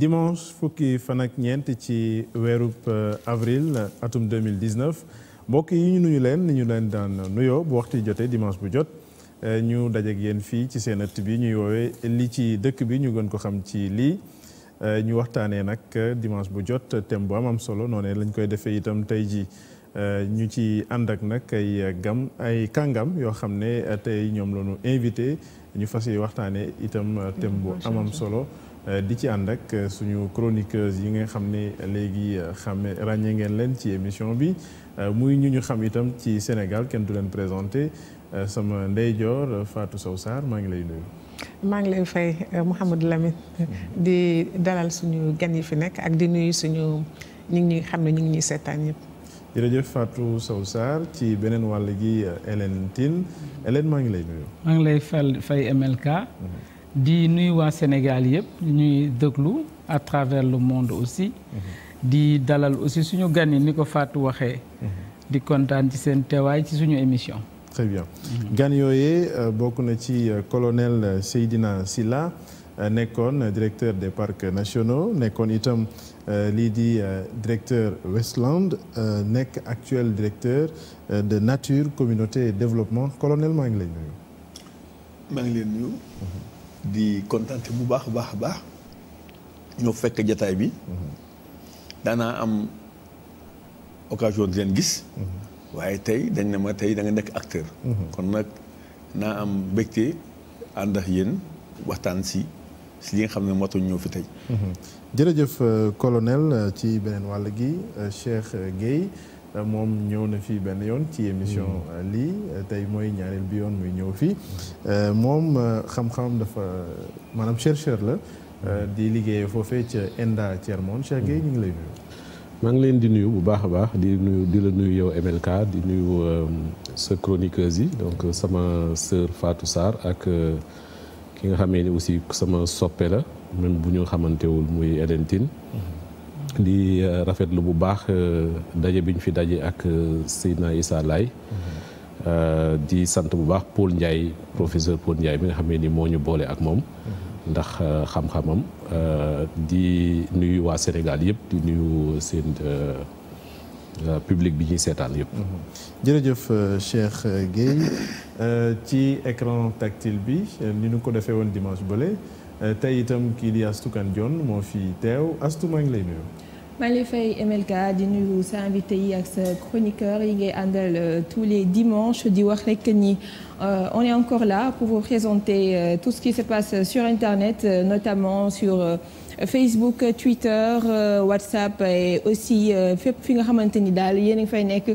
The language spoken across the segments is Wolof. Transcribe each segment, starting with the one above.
dimanche fukki fan ak ñeent ci weerub euh, avril atum 2019 mbokk yi ñu nuyu leen ni ñu leen daan nuyoo bu waxtu jotee dimanche bu jot euh, ñu dajeek yéen fii ci seen ëtt bi ñuy woowee li ci dëkk bi ñu gën ko xam ci lii euh, ñu waxtaanee nag dimanche bu jot thème bu am solo noone lañ koy defee itam tey ji ñu ci ànd ak nag ay gam ay kàngam yoo xam ne tey ñoom la ñu invité ñu fas yi waxtaanee itam tem bu am solo Euh, di ci ànd ak euh, suñu chroniqueuse yi nga xam ne léegi euh, xame ràññee ngeen leen ci émission bi muy ñu ñu xam itam ci Sénégal kenn du leen présenté sama ndeyjoor Fatou Sow Sarr maa ngi lay nuyu. maa ngi lay fay Mouhamadou Lamine mm-hmm. di dalal suñu gan yi fi nekk ak di nuyu suñu ñu ngi xam ne ñu ngi ñuy seetaan yëpp. jërëjëf Fatou Sow Sarr ci beneen wàll gi Hélène Tine mm-hmm. Hélène maa ngi lay nuyu. maa ngi lay fay MLK. Mm-hmm. di nuyu waa Sénégal yëpp ñuy déglu à travers le monde aussi. Mm-hmm. di dalal aussi suñu gan yi ni ko fàtt waxee. Mm-hmm. di kontaan ci seen teewaay ci suñu émission. très bien mm-hmm. gan yooyee euh, bokk na ci euh, colonel euh, Seydina Silla nekkoon directeur des parcs nationaux nekkoon itam lii di directeur Westland nekk actuel directeur de nature communauté développement colonel maa ngi lay nuyu. leen nuyu. di kontaan bu baax a baax a baax ñoo fekk jataay bi daanaa am occasion di leen gis waaye tey dañ ne ma tey danga nga nekk acteur kon nag naa am mbégte ànd ak yéen waxtaan si si li nga xam ne mootañ ñëw fi tey jërëjëf euh, colonel euh, ci beneen wàll gi euh, Cheikh Gueye Euh, moom ñëw na fii benn yoon ci émission mm. euh, lii euh, tey mooy ñaareel bi yoon muy ñëw fii moom xam-xam dafa maanaam chercheur la mm. di liggéeye foofee ca ENDA Thiermone Cheikh Gueye mm. ñu ngi lay nuyu maa ngi leen di nuyu bu baax a baax di nuyu di la nuyu yow MLK di nuyu sa chroniqueuse yi donc sama sœur faatu Sarr ak ki nga xamee ni aussi sama soppe la même bu ñu xamantewul muy Hélène di euh, rafetlu bu baax euh, daje bi ñu fi daje ak euh, Seydina Issa Laye mm-hmm. di sant bu baax pol Ndiaye professeur Paul Ndiaye bi nga xam ne ni moo ñu boole ak moom mm-hmm. ndax xam-xamam di nuyu waa Sénégal yëpp di nuyu seen public bi ñuy seetaan yëpp. Mm-hmm. jërëjëf Cheikh Gueye ci écran tactile bi ni ñu ko defee woon dimanche bële. Eh, tey itam kii di Astou Kane Dione moo fi teew Astou maa ngi lay nuyu. maa di nuyu sa invité yi ak sa chroniqueur yi ngay àndal euh, tous les dimanches di wax rek ni euh, on est encore là pour vous présenter euh, tout ce qui se passe sur internet notamment sur Facebook Twitter WhatsApp et aussi fépp fi nga xamante ni daal yéen a ngi fay nekk.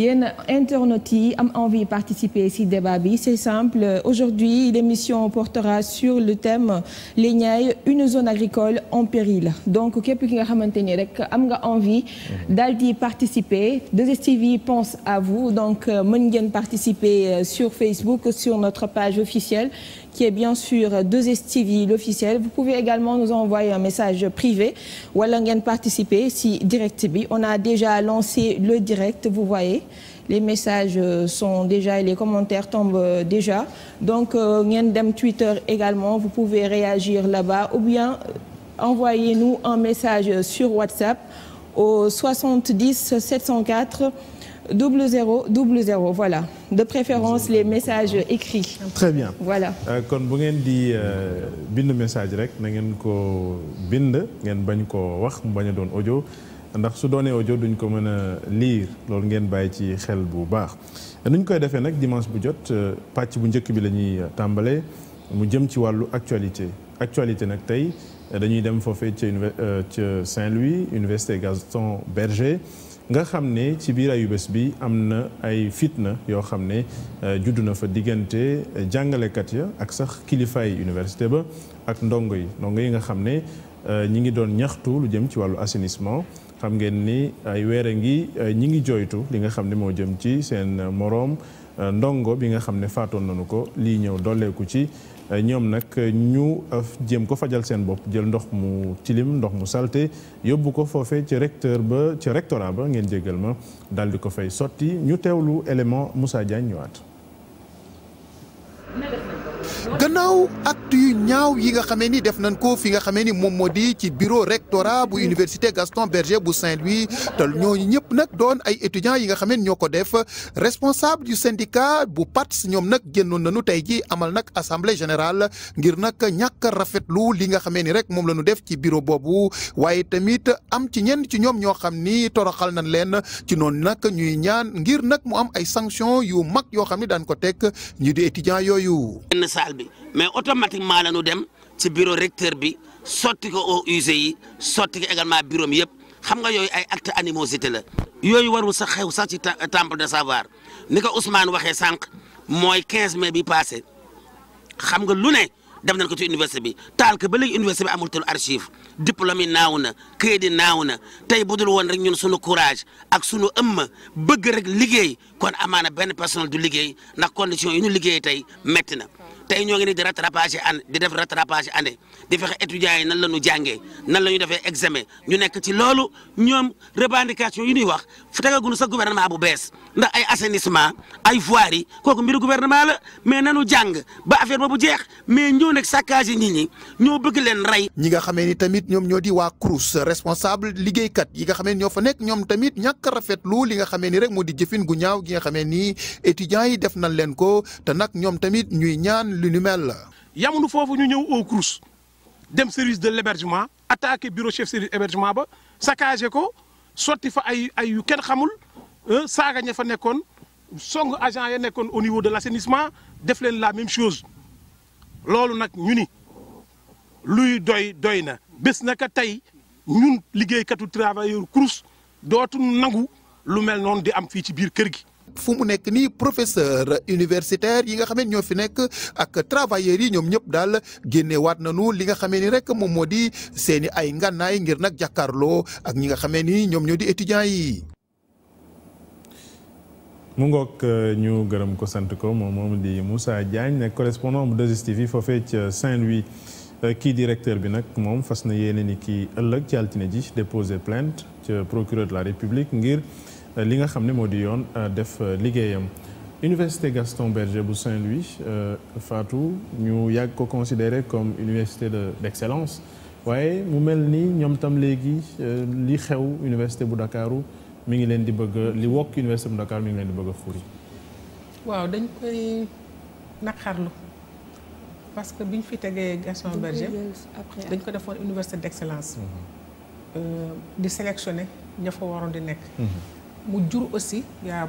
yéen internautes yi am envie participer ci débat bi c'est simple aujourd'hui l'émission portera sur le thème Léniaye une zone agricole en péril donc képp ki nga xamante ni rek am nga envie daal di participer 2STV pense à vous donc mën ngeen participer euh, sur Facebook sur notre page officielle qui est bien sûr 2STV l'officiel vous message privé wala ngeen participer si direct bi on a déjà lancé le direct vous voyez les messages euh, sont déjà et les euh, donc euh, ngeen dem Twitter également vous pouvez réagir là-bas ou bien envoyez-nous un message sur WhatsApp au double zéro double zéro voilà de préférence les messages écrits. très bien voilà. Euh, kon bu ngeen di euh, bind message rek na ngeen ko bind ngeen bañ koo wax mu bañ doon ojo ndax su doonee ojo duñ ko mën a lire loolu ngeen bàyyi ci xel bu baax. nu koy defee nag dimanche bu jot euh, pàcc bu njëkk bi la ñuy tàmbalee mu jëm ci wàllu actualité actualité nag tey dañuy dem foofee ca Saint-Louis université Gaston Berger. nga xam ne ci biir bés bi am na ay fitna yoo xam ne euh, judd na fa diggante euh, jàngalekat ya ak sax kilifaay université ba ak ndongo yi ndongo yi nga xam ne euh, ñi ngi doon ñaxtu lu jëm ci wàllu assainissement xam ngeen ni ay weer a ngi ñi ngi joytu li nga xam ne moo jëm ci seen moroom ndongo bi nga xam ne faatoon nañu ko lii ñëw dolleeku ci Euh, ñoom nag euh, ñu euh, jéem ko fajal seen bopp jël ndox mu tilim ndox mu salte yóbbu ko foofee ci recteur ba ci rectorat ba ngeen jégal ma daal di ko fay sotti ñu teewlu élément Moussa Diagne ñëwaat. gannaaw acte yu ñaaw yi nga xamee ni def nañ ko fi nga xamee ni moom moo di ci bureau rectorat bu université Gaston Berger bu Saint-Louis te ñooñu ñëpp nag doon ay étudiants yi nga xamee ni ñoo ko def responsable du syndicat bu PATS ñoom nag génnoon nañu tey ji amal nag assemblée générale ngir nag ñàkk a rafetlu li nga xame ni rek moom la ñu def ci bureau boobu waaye tamit am ci ñenn ci ñoom ñoo xam ni toroxal nañ leen ci noonu nag ñuy ñaan ngir nag mu am ay sanctions yu mag yoo xam ni daan ko teg ñu yooyu. salle bi mais automatiquement la ñu dem ci bureau recteur bi sotti ko au UG yi sotti ko également bureau mi yëpp xam nga yooyu ay acte animosité la yooyu warul sax xew sax ci temple de savoir ni ko Ousmane waxee sànq mooy 15 mai bi passé xam nga lu ne def nañ ko ti université bi taal ko ba léegi université bi amul tul archive diplôme yi naaw na kayit yi naaw na tey budul woon rek ñun suñu courage ak suñu ëmm bëgg rek liggéey kon amaana benn personnel du liggéey ndax condition yi liggéey tey métti na tey ñoo ngi nii di rattrapage an di def rattrapage année di fexe étudiants yi nan la ñu jàngee nan la ñu defee examen ñu nekk ci loolu ñoom revendication yu ñuy wax fu tegaguñu sa gouvernement bu bees ndax ay assainissement ay yi kooku mbiru gouvernement la mais nanu jàng ba affaire ba bu jeex mais ñoo nekk saccage nit ñi ñoo bëgg leen rey. ñi nga xamee ni tamit ñoom ñoo di waa CROUS liggéeykat yi nga xamee ni ñoo fa nekk ñoom tamit ñàkk rafetlu li nga xamee ni rek moo di jëfin gu ñaaw gi nga xamee ni étudiants yi def nañ leen ko te nag ñoom tamit ñuy ñaan lu ñu mel la. yamuñu foofu ñu ñëw au CROUS dem service de l'hébergement attaqué bureau chef service hébergement ba saccagé ko sotti fa ay ay yu kenn xamul. Euh, saaga ña fa nekkoon song agent ya nekkoon au niveau de l' assainissement def leen la même chose loolu nag ñu ni luy doy doy na bés naka tey ñun liggéeykatu travailleur CROUS dootu nangu lu mel noonu di am fii ci biir kër gi fu mu nekk nii professeur universitaire yi nga xam ne ñoo fi nekk ak travailleurs yi ñoom ñëpp daal waat na nu li nga xamee ni rek moom moo di seeni ay ngànnaay ngir nag jàkkaarloo ak ñi nga xamee ni ñoom ñoo di étudiants yi mu ngoog euh, ñu gërëm ko sant ko moom moom di Moussa Diagne nekk correspondant bu 2STV foofee ca Saint-Louis euh, kii directeur bi nag moom fas na yéene ni kii ëllëg ci altine ji déposé plainte ca procureur de la République ngir euh, li nga xam ne moo di yoon def liggéeyam Université Gaston Berger bu Saint-Louis faatu ñu yàgg ko considéré comme université de d'excellence waaye mu mel ni ñoom tam léegi li xew université bu dakaaru mi ngi leen di bëgg li wokk université bu Dakar ngi leen di bëgg a xuri waaw dañ koy naqarlu parce que bi ñu fi tegee Gaston Berger dañ ko defoon université d'excellence mhm. euh, di sélectionner ña fa waroon di nekk mhm. mu jur aussi y a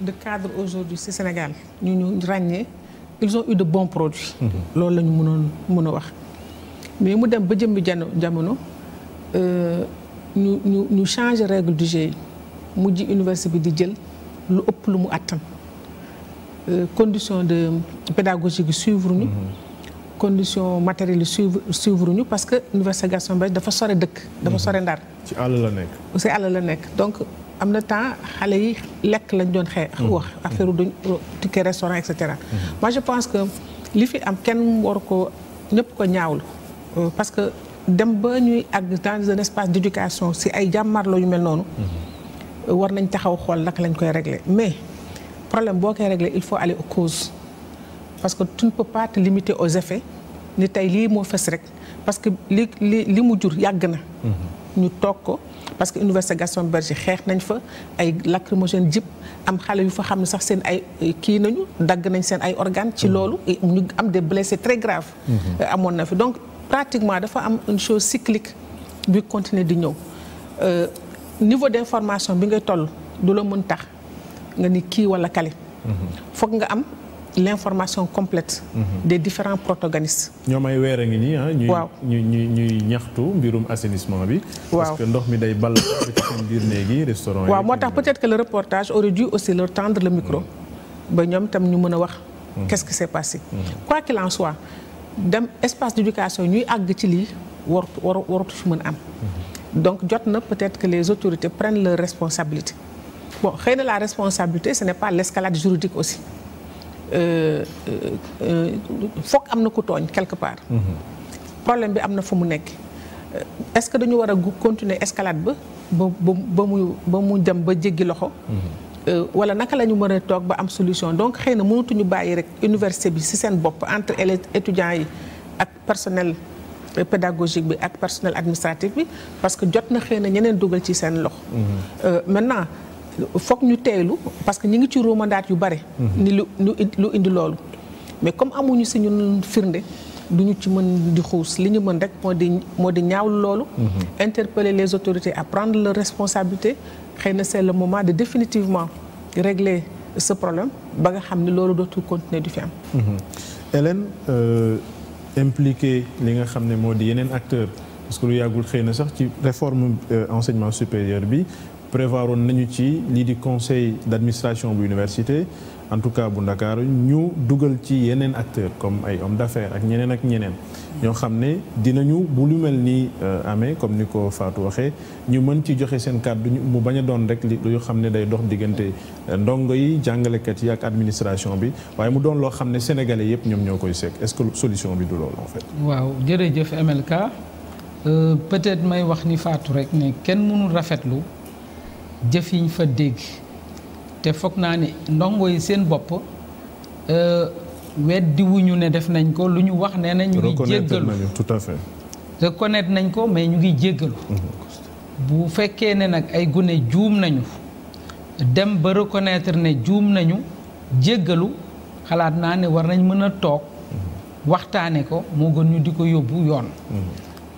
de cadres aujourd'hui ci Sénégal ñu ñu ràññee ils ont eu de bon produits mhm. loolu la ñu mënoon mën a wax mais mu dem ba jëmbi jamono euh, ñu ñu ñu changer règle du jeu mujj université bi di jël lu ëpp lu mu attan euh, condition de pédagogie bi suivre ñu. Mhm. condition matériel yi suivre suivre ñu parce que université Gaston Berger dafa sore dëkk. dama mhm. sore ndar. ci àll la nekk. ci àll la nekk donc am na temps xale yi lekk lañ doon xee mhm. wax affaire duñ ticket restaurant et cetera. moi je pense que li fi am kenn war ko ñëpp ko ñaawlu euh, parce que. dem ba ñuy àgg dans un espace d'éducation si ay jàmmarloo yu mel noonu. war nañ taxaw xool naka lañ koy régler mais problème boo koy régler il faut aller aux causes parce que tu ne peux pas te limiter aux ni tey lii moo fës rek parce que li li li mu jur yàgg na. Mm-hmm. ñu toog ko parce que université Gaston Berger xeex nañ fa ay lacrymogène jip am xale yu fa xam ne sax seen ay kii nañu dagg nañ seen ay organes. ci mm-hmm. loolu ñu am des blessés très graves. Mm-hmm. amoon na fi donc. pratiquement dafa am une chose cyclique bi continuer di ñëw euh, niveau d'information bi ngay toll du la mën tax nga ni kii wala kale mhm. foog nga am l'information complète mhm. des différents protagonistes ñoo may weer a ngi nii ah, waaw ñuy ñuy ñuy ñaxtu mbirum assainissement bi waaw parce que ndox mi day ball ci seen biir néegi restaurant waaw moo tax peut-être que le reportage aurait dû aussi leur tendre le micro mhm. ba ñoom tam ñu mën a wax qu'est-ce qui s'est passé quoi qu'il en dem espace d'éducation ñuy àgg ci lii warut waru warutu fi mën am mhm. donc jot na peut-être que les autorités prennent leur responsabilité bon xëy na la responsabilité ce n'est pas l'escalade juridique aussi euh, euh, euh, foog am na ku tooñ quelque part mhm. problème bi am na fu mu nekk est-ce que dañu war a continuer escalade ba ba ba mu ba mu dem ba jéggi loxo mhm. Euh, wala naka la ñu mën a toog ba am solution donc xëy na mënatuñu bàyyi rek université bi si seen bopp entre élèves étudiants yi ak personnel euh, pédagogique bi ak personnel administratif bi parce que jot na xëy na ñeneen dugal ci seen lox mhm. euh, maintenant foog ñu teeylu parce que ñu ngi ci romandaat yu bare. Mhm. ni lu lu indi loolu mais comme amuñu si ñun firnde du ñu ci mën di xuus li ñu mën rek moo di moo di ñaawlu loolu mhm. interpeller les autorités à prendre leurs responsabilités xëy na c'est le moment de définitivement régler ce problème ba nga xam ni loolu dootul continuer du fi am. Mhm. Hélène euh, impliqué li nga xam ne moo di yeneen acteur parce que lu yàggul xëy na sax ci réforme euh, enseignement supérieur bi prévoir prévoiroon nañu ci lii di conseil d'administration bu université. en tout cas bu Ndakaaru ñu dugal ci yeneen acteur comme ay hommes d'affaires ak ñeneen ak ñeneen ñoo xam ne dinañu bu lu mel nii euh, amee comme ni ko Fatou waxee ñu mën ci joxe seen kàddu mu bañ a doon rek li yoo xam ne day dox diggante euh, ndongo yi jàngalekat yi ak administration bi waaye mu doon loo xam ne sénégalais yëpp ñoom ñoo koy seek est-ce que solution bi du loolu en fait. waaw jërëjëf MLK euh, peut-être may wax ni Fatou rek ne kenn mënul rafetlu jëf yiñ fa dégg. te foog naa ni ndongo yi seen bopp euh, weddi wuñu ne def nañ ko lu ñu wax nee na ñu ngi jéggalu tout à fait reconnaître nañ ko mais ñu ngi jéggalu mhm. bu fekkee ne nag ay gune juum nañu dem ba reconnaître ne juum nañu jéggalu xalaat naa ne war nañ mën a toog waxtaane ko moo gën ñu di ko yóbbu yoon mhm.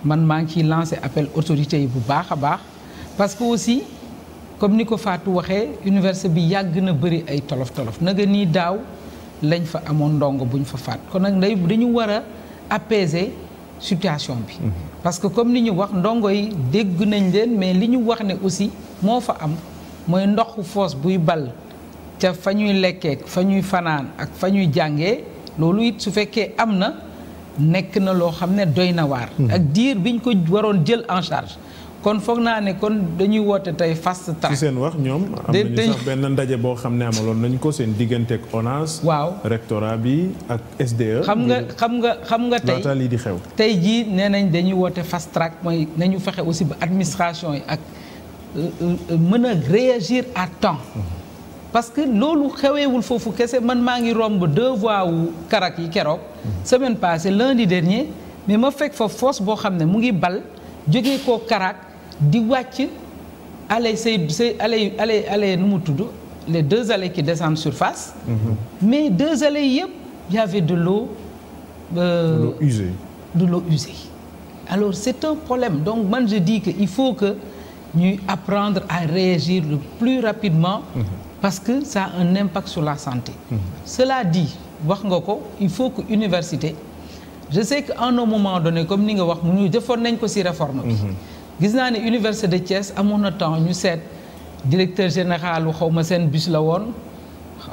man maa ngi ciy lancé appel autorité yi bu baax a baax parce aussi comme ni ko Fatou waxee université bi yàgg na bëri ay tolof tolof naga nii daaw lañ fa amoon ndongo buñ fa faat kon nag day dañu war a apaiser situation bi. Mhm. parce que comme ni ñu wax ndongo yi dégg nañ leen mais li ñu wax ne aussi moo fa am mooy ndoxu foos buy bal ca fa ñuy lekkee fa ñuy fanaan ak fa ñuy jàngee loolu it su fekkee am na nekk na loo xam ne doy na waar. Mhm. ak diir biñ ko waroon jël en charge. kon foog naa ne kon dañuy woote tey fast track. ci seen wax ñoom. am nañu sax benn ndaje boo xam ne amaloon nañ ko seen digganteeg ONAS. waaw rectorat bi ak SDE. xam nga xam nga xam nga tey lii di xew. tey jii nee nañ dañuy woote fast track mooy nañu fexe aussi ba administration yi ak euh, euh, mën a réagir à temps. Mm-hmm. parce que loolu xeweewul foofu kese man maa ngi romb deux voies wu karak yi keroog. Mm-hmm. semaine passée lundi dernier mais ma fekk fa force boo xam ne mu ngi bal jógee koo karak. di wàcc allées say say allées allées allées nu mu tudd les deux allées qui descendent surface. Mhm. mais deux allées yëpp y de l'eau euh, de l'eau usée. alors c'est un problème donc man je di que il faut que ñuy apprendre à réagir le plus rapidement. Mhm. parce que ça a un impact sur la santé. Mm -hmm. cela dit wax nga ko il faut que université je sais que en un moment donné comme ni nga wax mu ñu defoon nañ ko si réforme bi. Mhm. gis naa ne université de Thiès amoon na temps ñu seet directeur généralu xaw ma seen bis la woon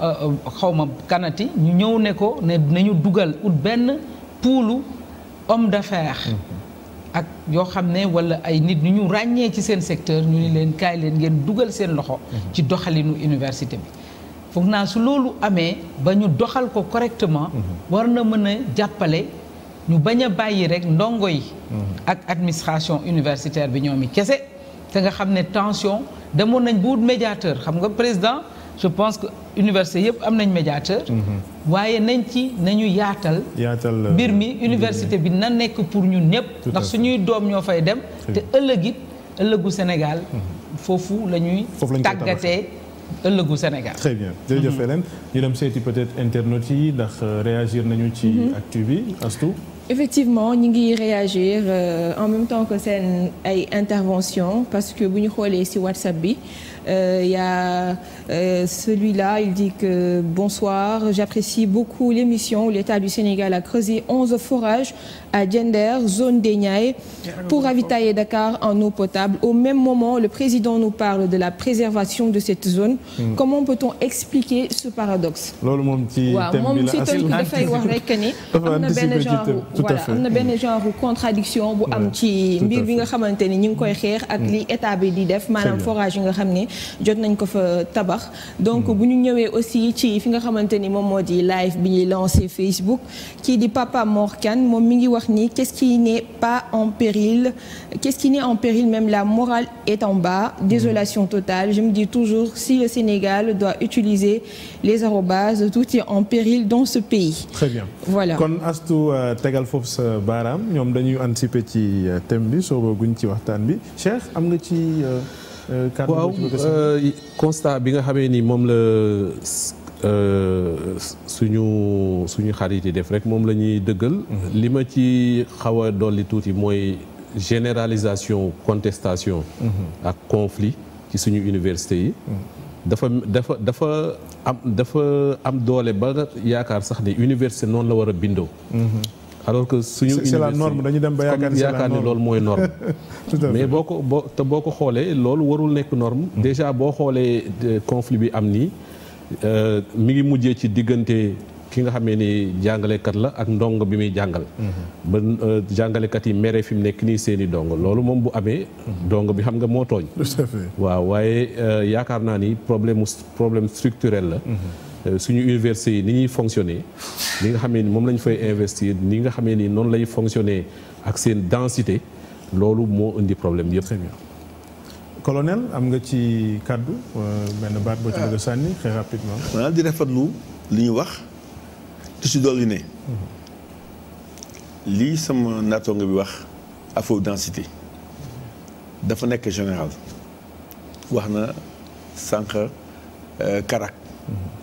euh, xawma kanati ñu ñëw ne ko ne nañu dugal ut benn poolu homme d'affaires mm-hmm. ak yoo xam ne wala ay nit ñu ñu ràññee ci seen secteur ñu ni leen kaay leen ngeen dugal seen loxo mm-hmm. ci doxalinu université bi foog naa su loolu amee ba ñu doxal ko correctement mm-hmm. war na mën a jàppale ñu bañ a bàyyi rek ndongo yi. Mm-hmm. ak administration universitaire bi ñoomi kese. te nga xam ne tension demoon nañ bu médiateur xam nga président je pense que université yëpp am nañ médiateur. Mm-hmm. waaye nañ ci nañu yaatal. yaatal euh, mbir mi université bi na nekk pour ñun ñëpp. ndax suñuy doom ñoo fay dem. te ëllëg it ëllëgu Sénégal. Mm-hmm. foofu la ñuy tàggatee. ëllëgu Sénégal. très bien jërëjëf Hélène ñu dem seeti peut-être internautes yi ndax euh, réagir nañu ci actu bi Astou effectivement ñi ngi réagir euh, en même temps que seen ay intervention parce que bu ñu xoolee ci WhatsApp bi Il euh, y a euh, celui-là, il dit que bonsoir, j'apprécie beaucoup l'émission où l'État du Sénégal a creusé 11 forages à Diender, zone des Niayes, pour ravitailler Dakar en eau potable. Au même moment, le président nous parle de la préservation de cette zone. Mm. Comment peut-on expliquer ce paradoxe loolu moom ci thème bi am na benn genre voilà mm. contradiction bu am ci mbir bi nga xamante ni ñu ngi koy xeex ak mm. li état bi di def maanaam forage yi nga xam ne jot nañ ko fa tabax donc hmm. bu ñu ñëwee aussi ci fi nga xamante ni moom moo di live bi ñuy lancé Facebook kii di Papa Mor kan moom mi ngi wax ni qu'est-ce qui n'est pas en péril qu'est-ce qui n'est en péril même la morale est en bas hmm. désolation totale je me dis toujours si le Sénégal doit utiliser les arrobases tout est en péril dans ce pays très bien voilà kon astu euh, tegal foofu sa baaraam ñoom dañuy anticiper ci euh, thème bi soo guñ ci waxtaan bi Cheikh am nga ci euh, Euh, waaw euh, constat bi nga xamee ni moom la euh, suñu suñu xarit yi def rek moom la ñuy dëggal. Mhm. li ma ci xaw a dolli tuuti mooy généralisation contestation. Mhm. ak conflit ci suñu université yi. Mhm. dafa dafa dafa am dafa am doole ba yaakaar sax ni université noonu la war a bindoo. alors que suñu université c'est norme dañu dem ba yaakaar ni yaakaar mooy norme mais boo ko boo te boo ko xoolee loolu warul nekk norme mm-hmm. déjà boo xoolee euh, conflit bi am nii euh, mi ngi mujjee ci diggante ki nga xamee ni jàngalekat la ak ndongo bi muy jàngal mm-hmm. ba euh, jàngalekat yi mere fi mu nekk nii seeni dongo loolu moom bu amee mm-hmm. dongo bi xam nga moo tooñ waaw waaye yaakaar naa ni problème problème structurel la Euh, suñu université yi ni ñuy fonctionner li nga xamee ni moom lañu fay investir ni nga xamee ni noonu lay fonctionner ak seen densité loolu moo indi problème yëpp. très bien colonel am nga ci kàddu euh, benn baat boo ci bëgg a sànni très rapidement. li ñu wax te si dolli ne. Mhm. lii sama naataango bi wax afro densité dafa nekk général wax na sànq euh, karak. Mhm.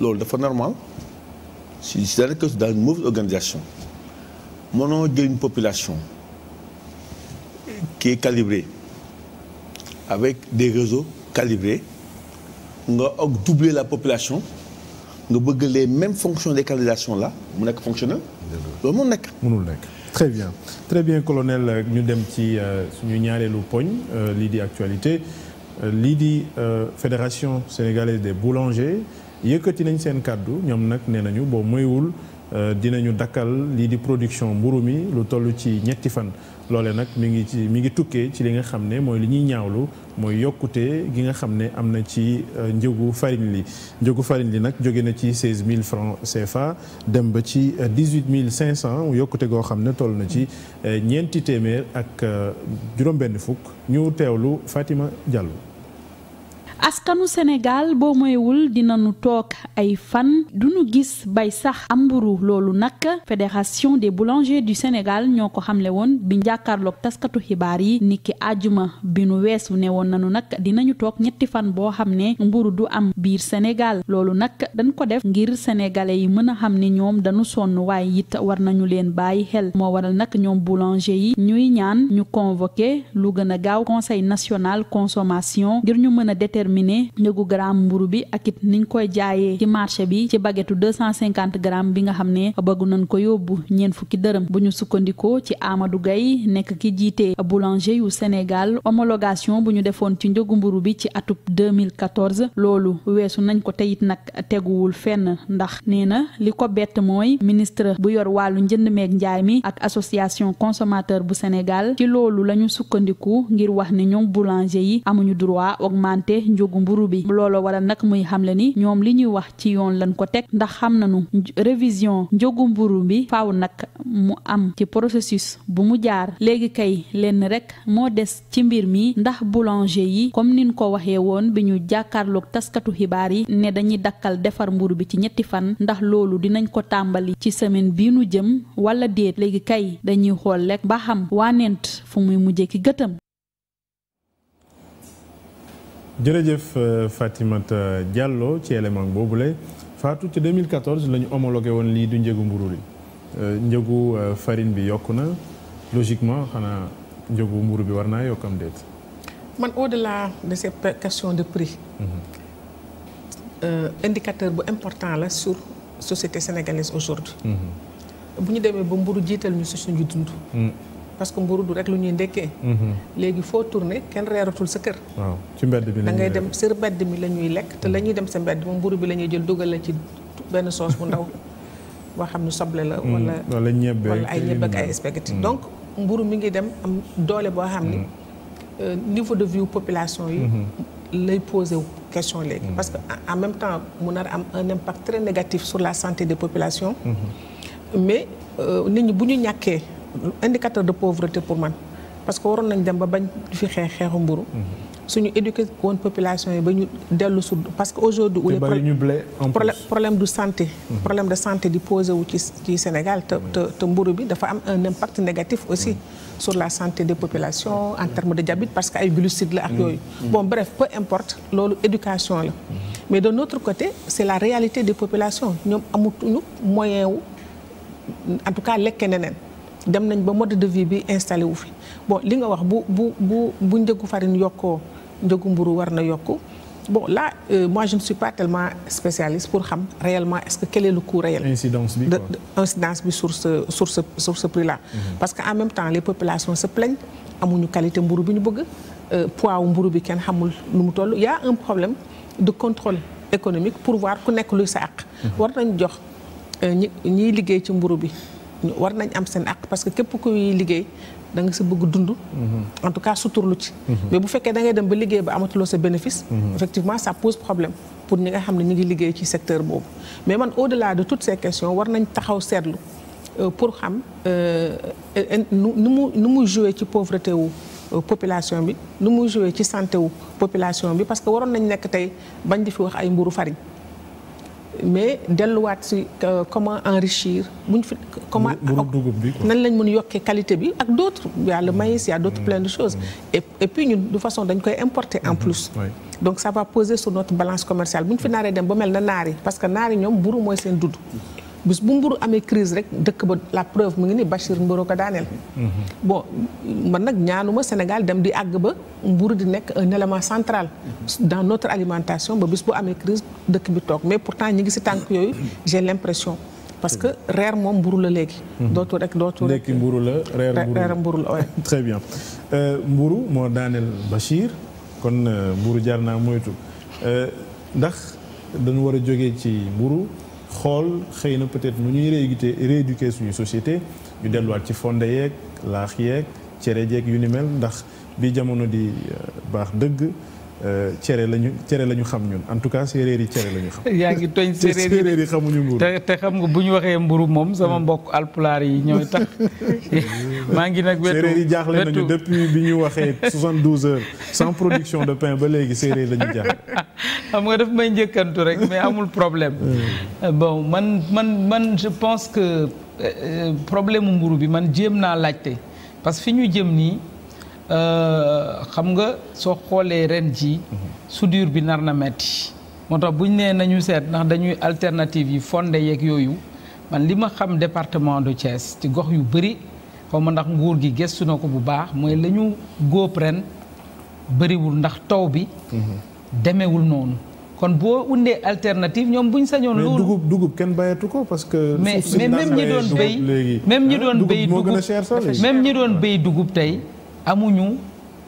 loolu dafa normal si si daanaka dans une mauvaise organisation mënoo jël une population qui est calibrée avec des réseaux calibrés nga og la population nga bëgg les mêmes fonctions des candidations là mu nekk fonctionnel loolu moo nekk. mënul nekk très bien très bien colonel ñu dem ci euh, suñu ñaareelu poñ euh, lii di actualité euh, lii di fédération sénégalaise des boulangers. yëkkati nañ seen kàddu ñoom nag nee nañu boo moywul euh, dinañu dakkal lii di production mburu mi lu toll ci ñetti fan loole nag mi ngi ci mi ngi tukkee ci li nga xam ne mooy li ñuy ñaawlu mooy yokkute gi nga xam ne am na ci euh, njëgu farine li njëgu fariñ li nag jóge na ci 16000 francs CFA dem ba ci 18500 euh, yokkute goo xam ne toll na ci ñeenti téeméer ak juróom-benn fukk ñu teewlu Fatima Diallo. askanu Sénégal boo moyewul dina dinañu toog ay fan du duñu gis bay sax am mburu loolu nag fédération des boulangers du Sénégal ñoo ko xamle woon bi njàkkaarloog taskatu xibaar yi niki àjjuma bi nu weesu ne woon nanu nag dinañu toog ñetti fan boo xam ne mburu du am biir Sénégal loolu nag dañ ko def ngir sénégalais yi mën a xam ne ñoom dañu sonn waaye it war nañu leen bàyyi xel moo waral nag ñoom boulanger yi ñuy ñaan ñu convoqué lu gën a gaaw conseil national consommation ngir ñu mën a déterminer déterminer njëgu gramme mburu bi ak it niñ koy jaaye ci marché bi ci baguette 250 grammes bi nga xam ne bëggu nañ ko yóbbu ñeent fukki dërëm bu ñu sukkandikoo ci amadu gay nekk ki jiite boulanger yu Sénégal homologation bu ñu defoon ci njëgu mburu bi ci atub 2014 loolu weesu nañ ko teyit nag teguwul fenn ndax nee na li ko bett mooy ministre bu yor wàllu njënd meeg njaay mi ak association consommateur bu Sénégal ci loolu lañu sukkandiku ngir wax ni ñoom boulanger yi njëgu mburu bi looloo waral nag muy xamle ni ñoom li ñuy wax ci yoon lañu ko teg ndax xam na nañu révision njëgu mburu bi faaw nag mu am ci processus bu mu jaar léegi kay lenn rek moo des ci mbir mi ndax boulanger yi comme niñ ko waxee woon bi ñu jàkkaarloog taskatu xibaar yi ne dañuy dakkal defar mburu bi ci ñetti fan ndax loolu dinañ ko tàmbali ci semaine bii nu jëm wala déet léegi kay dañuy xool lekk ba xam waneent fu muy mujj ki gëtëm jërëjëf euh, Fatimata Diallo ci élément boobule Fatou ci 2014 la ñu homologué woon lii du njëgu mburu li euh, njëgu euh, farine bi yokk na logiquement xanaa njëgu mburu bi war naa yokkam am déet. man au-delà de ces questions de prix. Mhm. indicateur bu important la sur société sénégalaise aujourd'hui mhm. bu ñu demee ba mburu jiital ñu si suñu dund. Mm. parce que mburu du rek lu ñuy ndekkee. Mhm. léegi foo tourné kenn reeratul sa kër. waaw ci mbedd bi da ngay dem sa mbedd mi la ñuy lekk te la mhm. ñuy dem sa mbedd moom mburu bi lañuy jël dugal la ci benn soos bu ndaw boo xam ne soble la. Mhm. wala wala ñebbe wala ay ñebbe ak ay spaghetti donc mburu mi ngi dem am doole boo xam ni euh, niveau de vie population yi. lay posé question léegi. parce que en même temps mu nar am un impact très négatif sur la santé de population mais euh, nit ñi bu ñu ñàkkee. indicateur de pauvreté pour man parce que waroon nañ dem ba bañ fi xeex xeexu mburu mhm. suñu éduqué woon population yi ba ñu dellu su parce que aujourd'hui wu problème du santé mhm. problème de santé di posé wu ci ci Sénégal te te mburu bi dafa am un impact négatif aussi sur la santé des population en termes de diabète parce que ay glucides la ak yooyu bon bref peu importe loolu éducation la mhm. mais de notre côté c'est la réalité de population ñoom amutuñu moyen wu en tout cas lekke neneen dem nañ ba mode de vie bi installé wu fi bon li nga wax bu bu bu bu njëgu farine yokkoo njëgu mburu war na yokku bo là euh, moi je ne suis pas spécialiste pour xam réellement est-ce que quel est le coût réel. incidence bi quoi incidence bi sur ce sur ce sur ce mm-hmm. parce que en même temps les populations se plaignent amuñu qualité mburu bi ñu bëgg euh, pois wu mburu bi kenn xamul lu mu toll yaa a un problème de contrôle économique pour voir ku nekk luy sa àq. Mm-hmm. war nañ jox euh, ñi ñiy liggéey ci mburu bi. war nañ am seen àq parce que képp kuy liggéey da si bëgg dund. Mhm. en tout cas suturlu ci. Mhm. mais bu fekkee dangay dem ba liggéey ba amatuloo sa bénéfice. Mhm. effectivement ça pose problème pour ñi nga xam ne ñu ngi liggéey ci secteur boobu. mais man au delà de toutes ces questions war nañ taxaw seetlu euh, pour xam euh, nu mu nu mu joué ci pauvreté wu. Euh, population bi nu muy joué ci santé wu population bi parce que waroon nañ nekk tey bañ di fi wax ay mburu farine mais delluwaat si euh, comment enrichir buñ fi comment nan lañ mën yokkee qualité bi ak d' yàlla y a le maïs mm. de choses mm. et et puis ñun de façon dañ koy importer en mm-hmm. plus donc ça va poser sur notre balance commerciale bu ñu fi naaree dem ba mel na naari parce que naari ñoom buru mooy seen dudd bis bu mburu amee crise rek dëkk ba la preuve mu ngi ni Bachir Mboro ko daaneel. Mhm. bon man nag ñaanuma Sénégal dem di àgg ba mburu di nekk un central. dans notre alimentation ba bis bu amee crise dëkk bi toog mais pourtant ñi ngi si tànk yooyu j'ai l'impression parce que reer la léegi. Mhm. dootu rek dootu rek mburu la reer mburu la très euh, mburu moo daaneel Bachir kon euh, mburu jar naa moytu euh, ndax dañu war a jóge ci mburu xool xëy na peut-être nu ñuy rééduquer rééduquer suñu société ñu delluwaat ci fonde yeeg laax yeeg cere jeeg yu ni mel ndax bi jamono di euh, baax dëgg Euh, cere lañu cere lañu xam ñun en tout cas séeréer yi cere lañu xam. yaa ngi toñ séeréer yi xamuñu mburu te te xam nga bu ñu waxee mburu moom sama hmm. mbokk alpulaar yi ñooy tax maa ngi nag. wetu séeréer yi jaaxle depuis bi ñu waxee 72 heures sans production de pain ba léegi séeréer lañu jaaxle. xam nga daf may njëkkantu rek mais amul problème. Hmm. Euh, bon man man man je pense que euh, problème mu mburu bi man jéem naa laajte parce que fi ñu jëm nii. Euh, xam nga soo xoolee ren ji soudure bi nar na metti moo tax buñ nee nañu seet ndax dañuy alternative yi fonde yeeg yooyu man li ma xam département de Thiès ci gox yu bëri xaw ma ndax nguur gi gëstu na ko bu baax mooy lañu góob ren bëriwul ndax taw bi demewul noonu kon boo undee alternative ñoom buñ sañoon loolu dugub dugub kenn bayatu ko parce que mais même ñi doon béy même ñi ah, doon béy dugub même ñi doon béy dugub tey amuñu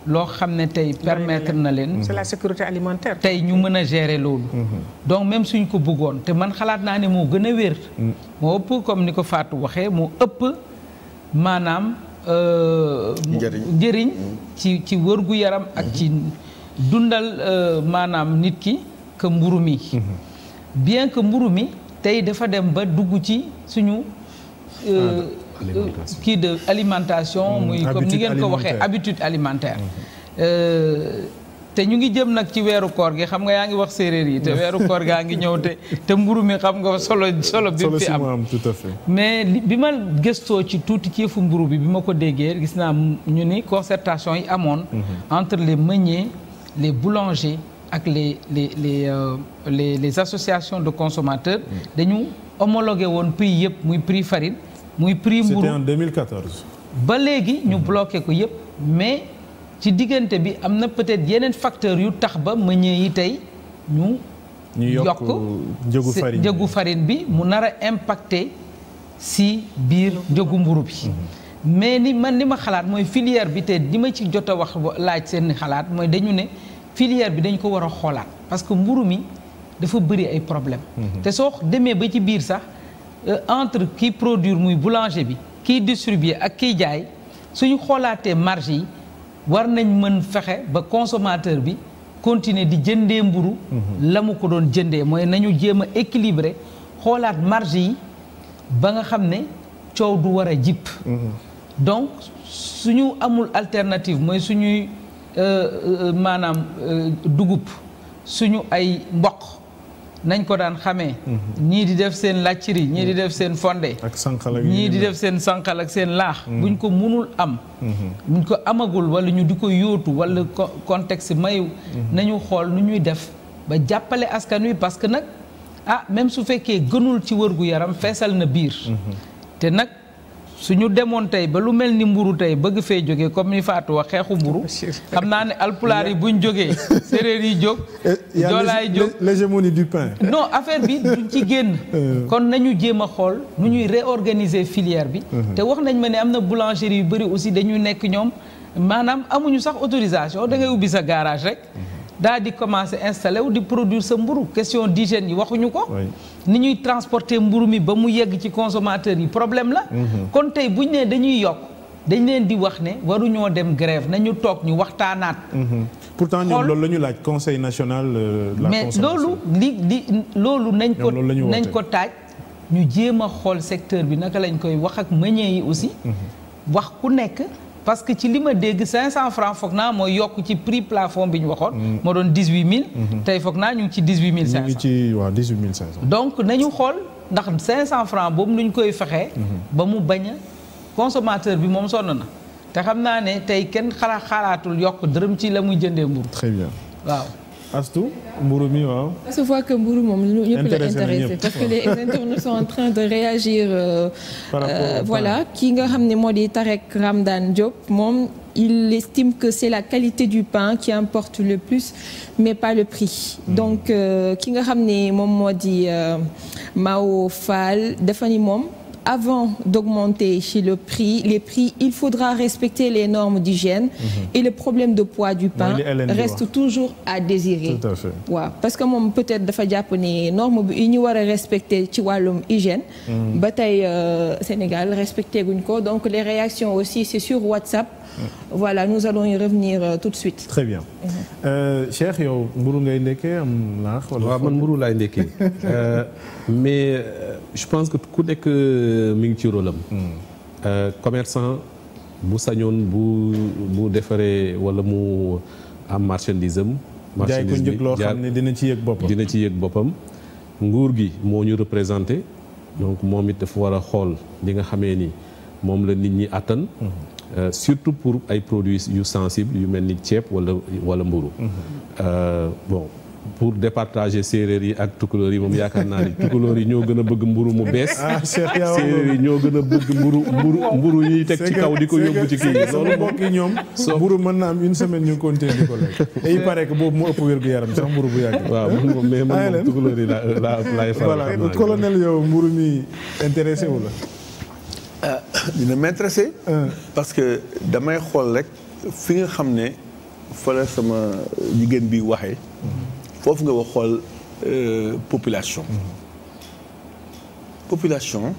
loo xam ne tey permettre na leen. la sécurité alimentaire. tey ñu mën a gere loolu. Mm-hmm. donc même suñ ko bëggoon te man xalaat naa ne moo gën a wér. Mm-hmm. moo ëpp comme ni ko Fatou waxee moo ëpp maanaam. Euh, njëriñ mm-hmm. ci ci wërgu yaram ak ci dundal euh, maanaam nit ki que mburu mi. bien que mburu mi tey dafa dem ba dugg ci suñu. Euh, Euh, kii de alimentation hmm. muy comme ni ngeen ko waxee habitude alimentaire hmm. euh, te ñu ngi jëm nag ci weeru koor gi xam nga yaa ngi wax séeréer yi te weeru koor gaa ngi ñëw te te mburu mi xam nga solo solo bi fi am tout à fait mais bi ma gëstoo ci tuuti ci yëfu mburu bi bi ma ko déggee gis naa ñu ni concertation yi amoon hmm. entre les meuniers les boulangers ak les les les euh, les les associations de consommateurs dañu homologué woon prix yëpp muy prix farine muy prix mburu c'était en 2014. ba léegi ñu bloqué ko yëpp mais ci diggante bi am na peut-être yeneen facteurs yu tax ba meññee yi tey ñu. ñu yokk njëgu farine bi njëgu farine bi mu nar a impacté si biir njëgu mburu bi. Mhm. mais ni man ni ma xalaat mooy filière bi te di ma ci jot a wax laaj seen xalaat mooy dañu ne filière bi dañ ko war a xoolaat parce que mburu mi dafa bëri ay problèmes. Mhm. te soo demee ba ci biir sax. Euh, entre kiy produire muy boulanger bi kiy distribuer ak kiy jaay suñu xoolaatee marge yi war nañ mën fexe ba consommateur bi continuer di jëndee mburu mhm. la mu ko doon jëndee mooy nañu jéem a équilibrer xoolaat marge yi ba nga xam ne coow du war a jip mhm. donc suñu amul alternative mooy suñuy euh, euh, maanaam dugub suñu ay mboq nañ ko daan xamee. Mhm. ñii di def seen làcciri ñii di mhm. def seen fonde. ak sànqal ñii di def seen sànqal ak seen laax. Mhm. buñ ko munul am. buñ ko amagul wala ñu di ko yóotu wala contexte mayu nañu xool nu ñuy def ba jàppale askan wi parce que nag ah même su fekkee gënul ci wërgu yaram feesal na biir. te nag su ñu demoon tey ba lu mel ni mburu tey bëgg fee jógee comme ni Fatou wax xeexu mburu am naa ne alpulaar yi buñ jógee séréer yi jóg joolaa yi jóg l'hégémonie du pain non affaire bi duñ ci génn euh. kon nañu jéem a xool nu ñuy réorganiser filière bi uh-huh. te wax nañ ma ne am na boulangerie yu bëri aussi dañuy nekk ñoom maanaam amuñu sax autorisation da ngay uh-huh. ubbi sa garage rek uh-huh. daal di commencer installer wu di produit sa mburu question d'hygiène yi waxuñu ko ni ñuy transporter mburu mi ba mu yegg ci consommateur yi problème la mhm. kon tey bu buñ nee dañuy yokk dañ leen di wax ne waruñoo dem grève nañu toog ñu waxtaanaat mhm. pourtant ñoom loolu la ñu laaj conseil national euh, mais loolu li li loolu nañ ko nañ ko taaj ñu jéem a xool secteur bi naka lañ koy wax ak meññee yi aussi mhm. wax ku nekk parce que ci li ma dégg 500 francs foog naa moo yokk ci prix plafond bi ñu waxoon. Mm. moo doon 18000. Mm-hmm. tey foog naa ñu ngi ci 18500. ñu ngi ci waaw 18500. donc nañu xool ndax 500 francs boobu nu ñu koy fexee. Mm-hmm. ba mu bañ a bi moom sonn na. te xam naa ne tey kenn xalaat xalaatul yokk dërëm ci la muy jëndee mburu. très bien waaw. Astou mburu mi waaw. on se voit que mburu moom ñëpp la intéressé parce que les internautes sont en train de réagir. Euh, par rapport euh, voilà ki nga xam ne moo di Tarek Ramdan Diop moom. il estime que c'est la qualité du pain qui importe le plus mais pas le prix mmh. donc euh, ki nga xam ne moom moo di Mao Fall dafa ni moom avant d'augmenter le prix, les prix, il faudra respecter les normes d'hygiène. Mm Et le problème de poids du pain oui, reste toujours à désirer. Tout à parce que moom peut-être dafa jàpp ne norme bi yi ñu war a respecter ci wàllum hygiène. Mhm. ba tey euh, Sénégal respecté guñ ko donc les réactions aussi c'est sur WhatsApp. voilà nous allons y revenir euh, tout de suite. très euh, Cheikh yow mburu ngay ndekkee am laax. waaw man mburu laay ndekkee euh, mais je pense que ku nekk mi ngi ci rôle am. Hmm. commerçant bu sañoon bu bu defaree wala mu am marchandise am. marchandise bi jaay ko njëkk loo xam ne dina ci yëg boppam dina ci yëg boppam. nguur gi moo ñu représenté donc moom it dafa war a xool li nga xamee ni moom la nit ñi àttan hmm. Euh, surtout pour ay produits yu sensibles yu mel ni ceeb wala wala mburu mhm. euh, bon pour départager séeréer yi ak tukulóor yi moom yaakaar naa ni tukulóor yi ñoo gën bëgg mburu mu bees ah, séeréer yi ñoo gën a bëgg mburu mburu mburu ñuy teg ci kaw di ko yóbbu ci kii bi loolu mbokk yi ñoom mburu mën naa am une semaine ñu continuer di ko lekk et il paraît que boobu moo ëpp wér-gu-yaram sax mburu bu yàgg waaw man moom mais man moom tukulóor yi laa laay faral voilà colonel yow mburu mi intéressé wu la Euh, dina m'intéresser euh. parce que damay xool rek fi nga xam ne fa la sama jigéen bi waxee foofu nga wax xool euh, population mm-hmm. population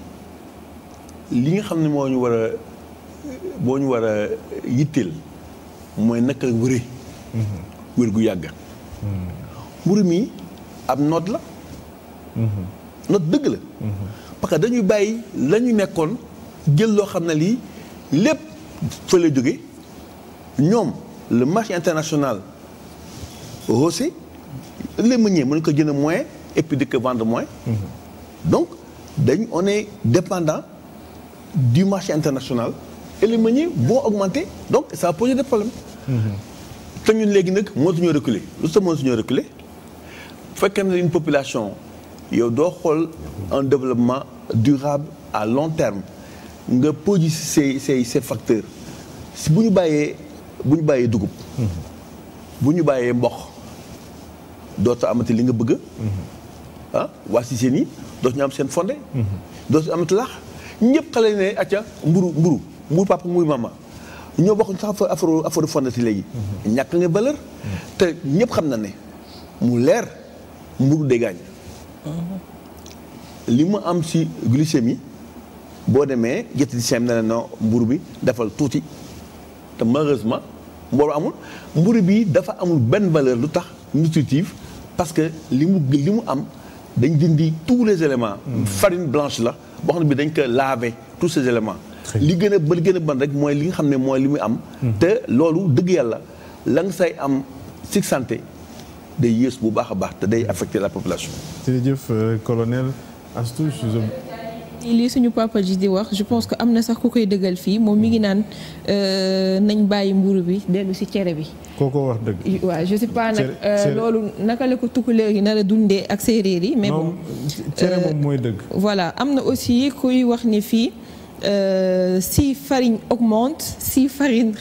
li nga xam ne moo ñu war a boo ñu war a yitteel mooy naka wëre mm-hmm. wér gu yàgg mm-hmm. mburu mi ab not la not dëgg la parce que bàyyi la nekkoon jël loo xam ne lii lépp fa la jóge ñoom le marché international haussé les meuniers mën ko jënd moyen et puis di ko vendre moins mm-hmm. donc dañ on est dépendant du marché international et les meuniers vont augmenter donc ça pose des problèmes mm-hmm. te ñun léegi nag mënatuñoo reculer lu tax mënatuñoo reculer fekkee ne une population yow doo xool un développement durable à long terme nga poji say say say facteurs si bu ñu bàyyee bu ñu bàyyee dugub. bu ñu bàyyee mboq dootoo amati li nga bëgg. Mm-hmm. ah waa si seen yi dootuñu am seen fonde. Mm-hmm. dootuñu amati laax ñëpp xale ne acca mburu mburu mburu papa muy mama ñoo bokk sax affaire affaire fonde si léegi. Mm-hmm. ñàkk nga valeur. te ñëpp xam na ne mu leer mburu dégaañ. li mu am si glycémie. boo demee diététicien bi ne la mburu bi defal tuuti te malheureusement mburu amul mburu bi dafa amul benn valeur lu tax nutritive parce que li mu li mu am dañ dindi tous les éléments hmm. farine blanche la boo xam ne bi dañ ko laver tous ces éléments li gën a ba gën rek mooy li nga xam ne mooy li muy am hmm. te loolu dëgg yàlla la nga say am si santé day yées bu baax a baax te day hmm. affecter la population jërëjëf euh, colonel lii suñu papa ji di wax je pense que am na sax ku koy dëggal fii moom mi ngi naan euh, nañ bàyyi mburu bi dellu si cere bi. koo wax dëgg. waaw je sais pas nag euh, loolu naka la ko tukkuleer yi nar a dundee ak séeréer yi. mais bon cere moom euh, mooy dëgg. voilà am na aussi kuy wax ni fii. Euh, si farine augmente, si farine,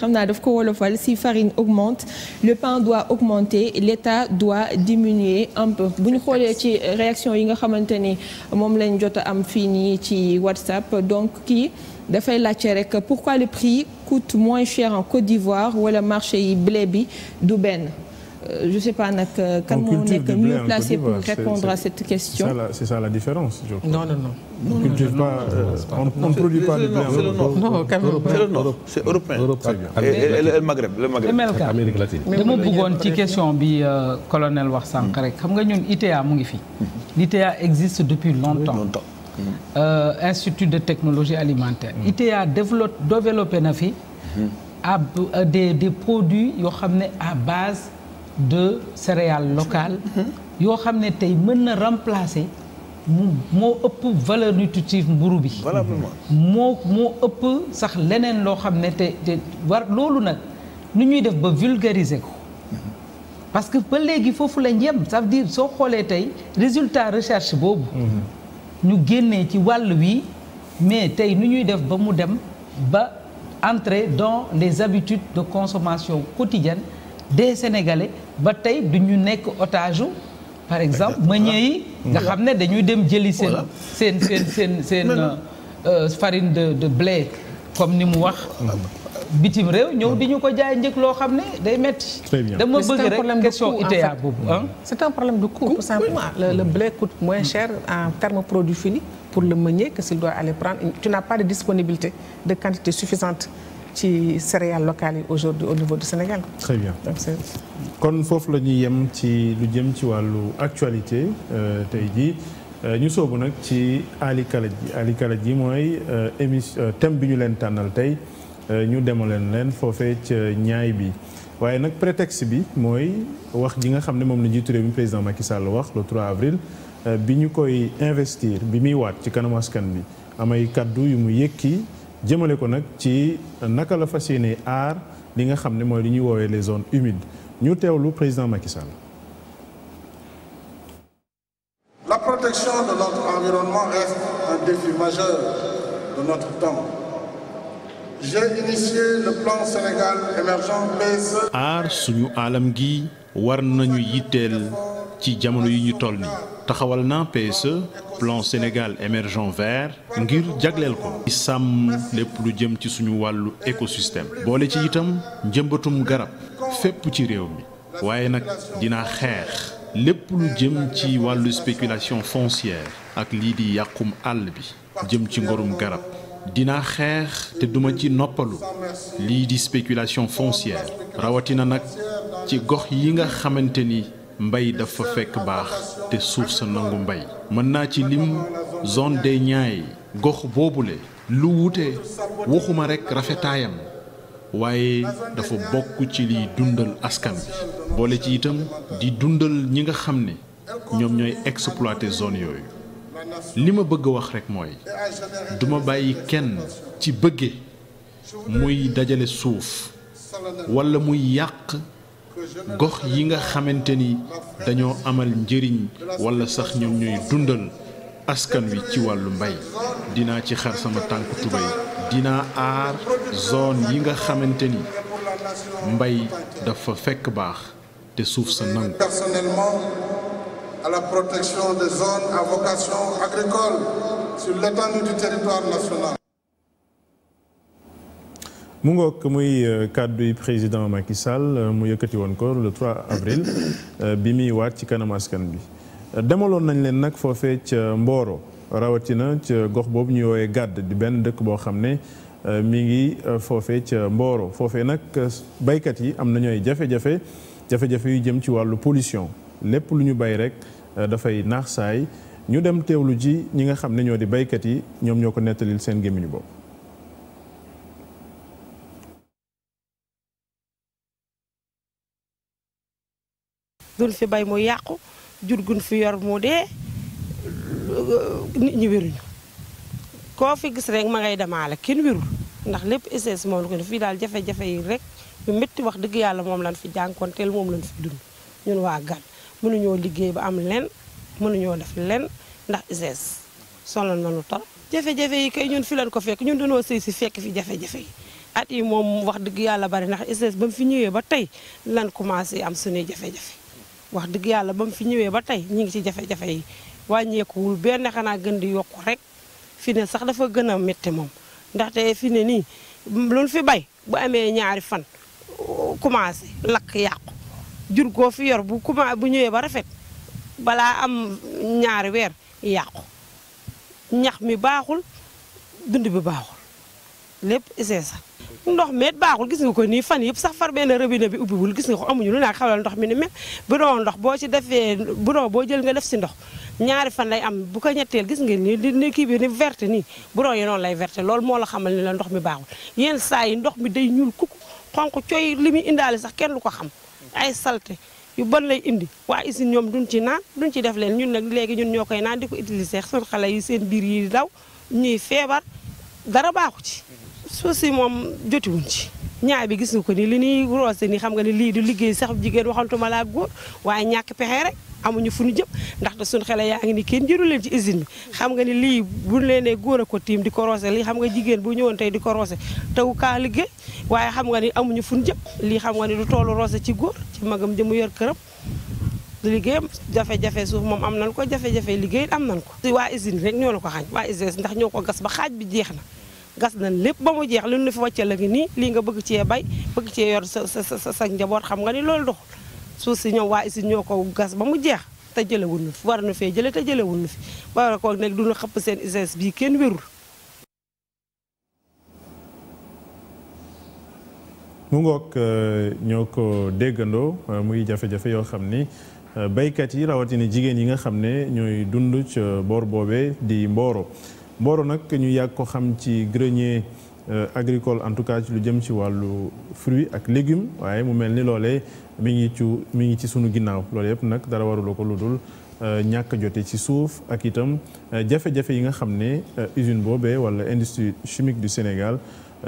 si farine augmente, le pain doit augmenter, l'État doit diminuer un peu. Si nous regardons la réaction que ci WhatsApp, donc ki dafay laajte rek pourquoi le prix coûte moins cher en Côte d'Ivoire wala marché yi blé bi du benn Euh, je sais pas nag. kan moo nekk mieux placé pour répondre à cette question. c'est ça la c'est ça la différence. je crois non non non. on ne cultive euh, pas on ne produit pas de blé en Europe. non c'est le nord c'est européen. le Maghreb le Maghreb. Amérique latine. dama bëggoon ci question bi euh, colonel wax sànq rek xam nga ñun ITA mu ngi fi. l'ITA mhm. existe depuis longtemps. Mhm. institut de technologie alimentaire. Mhm. ITA développe développé na fi. à des des produits yoo xam ne à base. de céréales locales yoo xam ne tey mën na remplacer moo ëpp valeur nutritive mburu bi moo moo ëpp sax leneen loo xam ne te te war loolu nag nu ñuy def ba vulgariser ko parce que ba léegi foofu la yem ça diir soo xoolee tey résultat recherche boobu ñu génnee ci wàll wi mais tey nu ñuy def ba mu dem ba entrer dans les habitudes de consommation quotidienne des sénégalais ba tey du ñu nekk otage par exemple meunier yi nga mm. xam ne dañuy dem jëli seen seen seen seen seen euh, farine de de blé comme ni mu wax bitim réew ñëw di ñu ko jaay njëkk loo xam ne day metti dama bëgg rek question ITA boobu c'est un problème de coût tout simplement le, le blé coûte moins cher en termes produit fini pour le meunier que s'il doit aller prendre tu n'as pas de disponibilité de quantité suffisante ci céréales locales yi aujourd'hui au niveau du Sénégal. kon foofu la ñuy yem ci lu jëm ci wàllu actualité euh, tey jii euh, ñu soobu nag ci Ali Kalaj ji mooy euh, émission thème bi ñu leen tànnal tey ñu demaleen leen foofee ca ñaay bi. waaye nag prétexte bi mooy wax ji nga xam ne moom la jiitu réew mi président Macky Sall wax le 3 avril bi ñu koy investir bi muy waat ci kanamu askan bi amay kaddu yu mu yëkki. jëmale ko nag ci naka la fas yéene aar li nga xam ne mooy li ñuy woowee les zones humides ñu teew lu président Macky Sall. La protection de notre environnement reste un défi majeur de notre temps. J'ai initié le plan Sénégal émergent PSE. aar suñu alam gi. war nañu yitteel ci jamono yi ñu toll nii taxawal na PSE plan Sénégal émergent vert ngir jagleel ko ci sàmm lépp lu jëm ci suñu wàllu écosystème boole ci itam njëmbatum garab fépp ci réew mi waaye nag dina xeex lépp lu jëm ci wàllu spéculation foncière ak lii di yàqum àll bi jëm ci ngorum garab dinaa xeex te duma ci noppalu lii di spéculation foncière rawatina nag ci gox yi nga xamante ni mbay dafa fekk baax te suuf sa nangu mbay mën naa ci lim zone des Niayes gox boobule lu wuute waxuma rekk rafetaayam waaye dafa bokk ci liy dundal askan bi boole ci itam di dundal ñi nga xam ni ñoom ñooy exploiter zone yooyu li ma bëgg wax rekk mooy duma bàyyi kenn ci bëgge muy dajale suuf walla muy yàq gox yi nga xamante ni dañoo amal njëriñ walla sax ñoom ñooy dundal askan wi ci wàllu mbay dinaa ci xar sama tànk tubéy dinaa aar zone yi nga xamante ni mbay dafa fekk baax te suuf sa nangu. à la mu ngoog muy euh, kàddu yi président Macky Sall euh, mu yëkkati woon ko le 3 avril euh, bi muy waat ci kanam bi demaloon nañ leen nag foofee ca Mboro rawatina ca gox boobu ñuy woowee gàdd di benn dëkk boo xam ne mi ngi foofee ca Mboro foofee nag baykat yi am nañu ay jafe-jafe jafe-jafe yu jëm ci wàllu pollution lépp lu ñu bay rekk Euh, dafay naax saay ñu dem teewlu ji ñi nga xam ne ñoo di baykat yi ñoom ñoo ko nettalil seen gémmiñu bopp. duñ fi bay mu yàqu jur guñ fi yor moo dee nit ñi wéruñu koo fi gis rek ma ngay demaale kenn wérul ndax lépp essence moom la ko fii daal jafe-jafe rek yu wax dëgg yàlla moom lan fi jànkonteel moom lañ fi dund ñun waa Gàdd mënuñoo liggéey ba am len mënuñoo def len ndax ICS sonal na lu torop jafe-jafe yi kay ñun fi leen ko fekk ñun dañoo sëy si fekk fi jafe-jafe yi at yi moom wax dëgg yàlla bari ndax ICS ba mu fi ñëwee ba tey lan commencé am suñuy jafe-jafe wax dëgg yàlla ba mu fi ñëwee ba tey ñu ngi ci jafe-jafe yi wàññeekuwul benn xanaa gën di yokku rek fi ne sax dafa gën a métti moom ndaxte fi ne nii lu fi bay bu amee ñaari fan commencé lakk yàqu jur goo fi bu kuma bu ñëwee ba rafet balaa am ñaari weer yàqu ñax mi baaxul dundi bi baaxul lépp c'est ça ndox meet baaxul gis nga ko ni fan yëpp sax far benn robinet bi ubbiwul gis nga ko amuñu lu naa xawlal ndox mi ni mel bu doon ndox boo ci defee bu doon boo jël nga def si ndox ñaari fan lay am bu ko ñetteel gis nga ni ni kii bi ni verte nii bu doon yi noonu lay verte lool moo la xamal ni la ndox mi baaxul yenn saa yi ndox mi day ñuul kuk konk cooy li muy indaale sax kenn lu ko xam ay salte yu ban lay indi waa usine ñoom duñ ci naan duñ ci def leen ñun nag léegi ñun ñoo koy naan di ko utiliser suñu xale yi seen biir yi daw ñuy feebar dara baaxu ci suuf si moom jotiwuñ ci ñaay bi gis nga ko ni li ñuy roose ni xam nga ne lii di liggéey sax jigéen ma laa góor waaye ñàkk pexe rek amuñu fu ñu jëm ndaxte suñu xele yaa ngi ni kenn ci usine xam nga ni lii buñ leen góor a ko tiim di ko lii xam nga jigéen bu ñëwoon di ko roose kaa liggéey waaye xam nga ni amuñu fu ñu jëm lii xam nga ni du toolu roose ci góor ci magam jëmu yor këram liggéeyam jafe-jafe suuf moom am nañ ko jafe-jafe liggéey am nañ ko waa usine rek ñoo la ko xañ waa usine ndax ñoo ko gas ba xaaj bi jeex na gas nañ lépp ba mu jeex lu ñu fi wàcce la ngi nii lii nga bëgg cee bay bëgg cee yor sa sa sa njaboot xam nga ni loolu doxul suuf si ñoom waa usine ñoo ko gas ba mu jeex te jëlewul nu fi war nu fee jële te jëlewul nu fi war ko nekk du ñu xëpp seen usine bii kenn wérul mu ngoog euh, ñoo ko déggandoo euh, muy jafe-jafe yoo xam ni euh, béykat yi rawatina jigéen yi nga xam ne ñooy dund ci boor boobee di Mboro mbooro nag ñu yàgg ko xam ci grenier agricole en tout cas ci lu jëm ci wàllu fruit ak légumes waaye mu mel ni loole mi ngi ci mi ngi ci sunu ginnaaw loolu yëpp nag dara warula ko lu dul euh, ñàkk jote ci suuf ak itam euh, jafe-jafe yi nga xam ne euh, usine boobee wala industrie chimique du Sénégal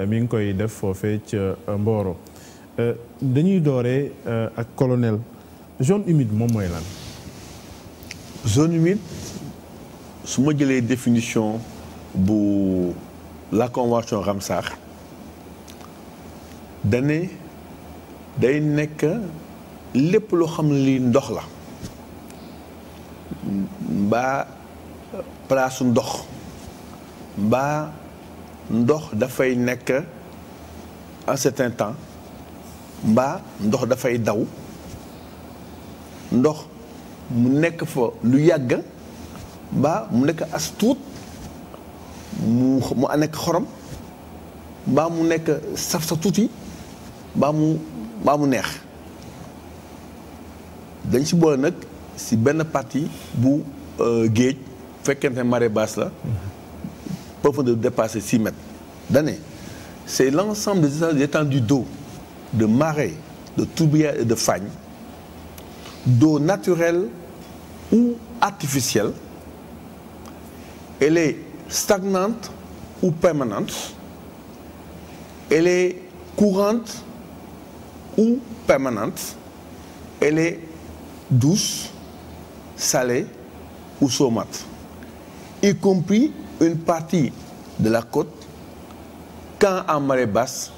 mi ngi koy def foofe ca mbooro dañuy dooree ak colonel zone humide moom mooy lan zone humide su ma jëlee définition bu la convention Ramsar dane day nekk lépp loo xam ne lii ndox la mbaa palaasu ndox mbaa ndox dafay nekk un certain temps mbaa ndox dafay daw ndox mu nekk fa lu yàgg mbaa mu nekk as tuut mu mu nekk xorom mbaa mu nekk saf sa tuuti mbaa mu ba mu neex dañ si boole nag si benn partie bu euh, géej fekkente marée basse la profondeur dépassé six mètres dane c'est l'ensemble des étendues d'eau de marais de tourbières et de fagnes d'eau naturelle ou artificielle elle est stagnante ou permanente elle est courante ou permanente, elle est douce, salée ou saumâtre, y compris une partie de la côte quand en marée basse,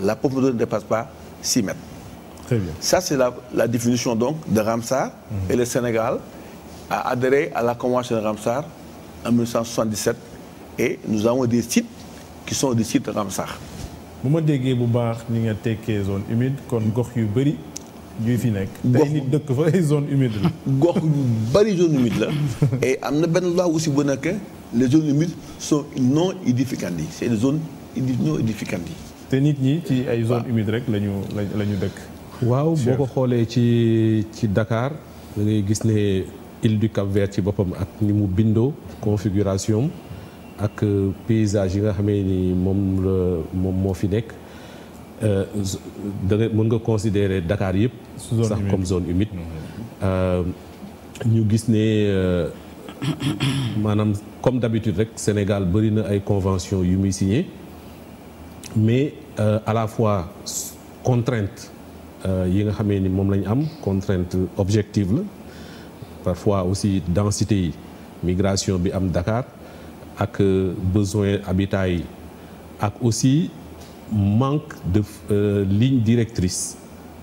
la profondeur ne dépasse pas 6 mètres. Ça, c'est la, la définition donc de Ramsar mhm. et le Sénégal a adhéré à la convention de Ramsar en 1977 et nous avons des sites qui sont des sites de Ramsar. bu ma déggee bu baax ni nga tekkee zone humide kon gox yu bëri ñuy fi nekk. tey dëkk fa zone humide la. gox yu bari zone humide la. et am na benn loi aussi bu nekk les zones humides sont non aedificandi c' est des zones te nit ñi ci ay zone humide rek lañu la ñu dëkk. waaw boo ko xoolee ci ci Dakar da ngay gis ne île du Cap-Vert ci boppam ak ni mu bindoo configuration ak paysage yi nga xamee ni moom la moom moo fi nekk da euh, nga mën nga considérer Dakar yëpp sax comme zone humide euh, ñu gis ne euh, maanaam comme d'habitude rek Sénégal bëri na ay convention yu muy signé mais euh, à la fois contrainte yi nga xamee ni moom la ñu am contrainte objective la parfois aussi densité yi migration bi am Dakar ak euh, besoin habitat yi ak aussi manque de euh, ligne directrice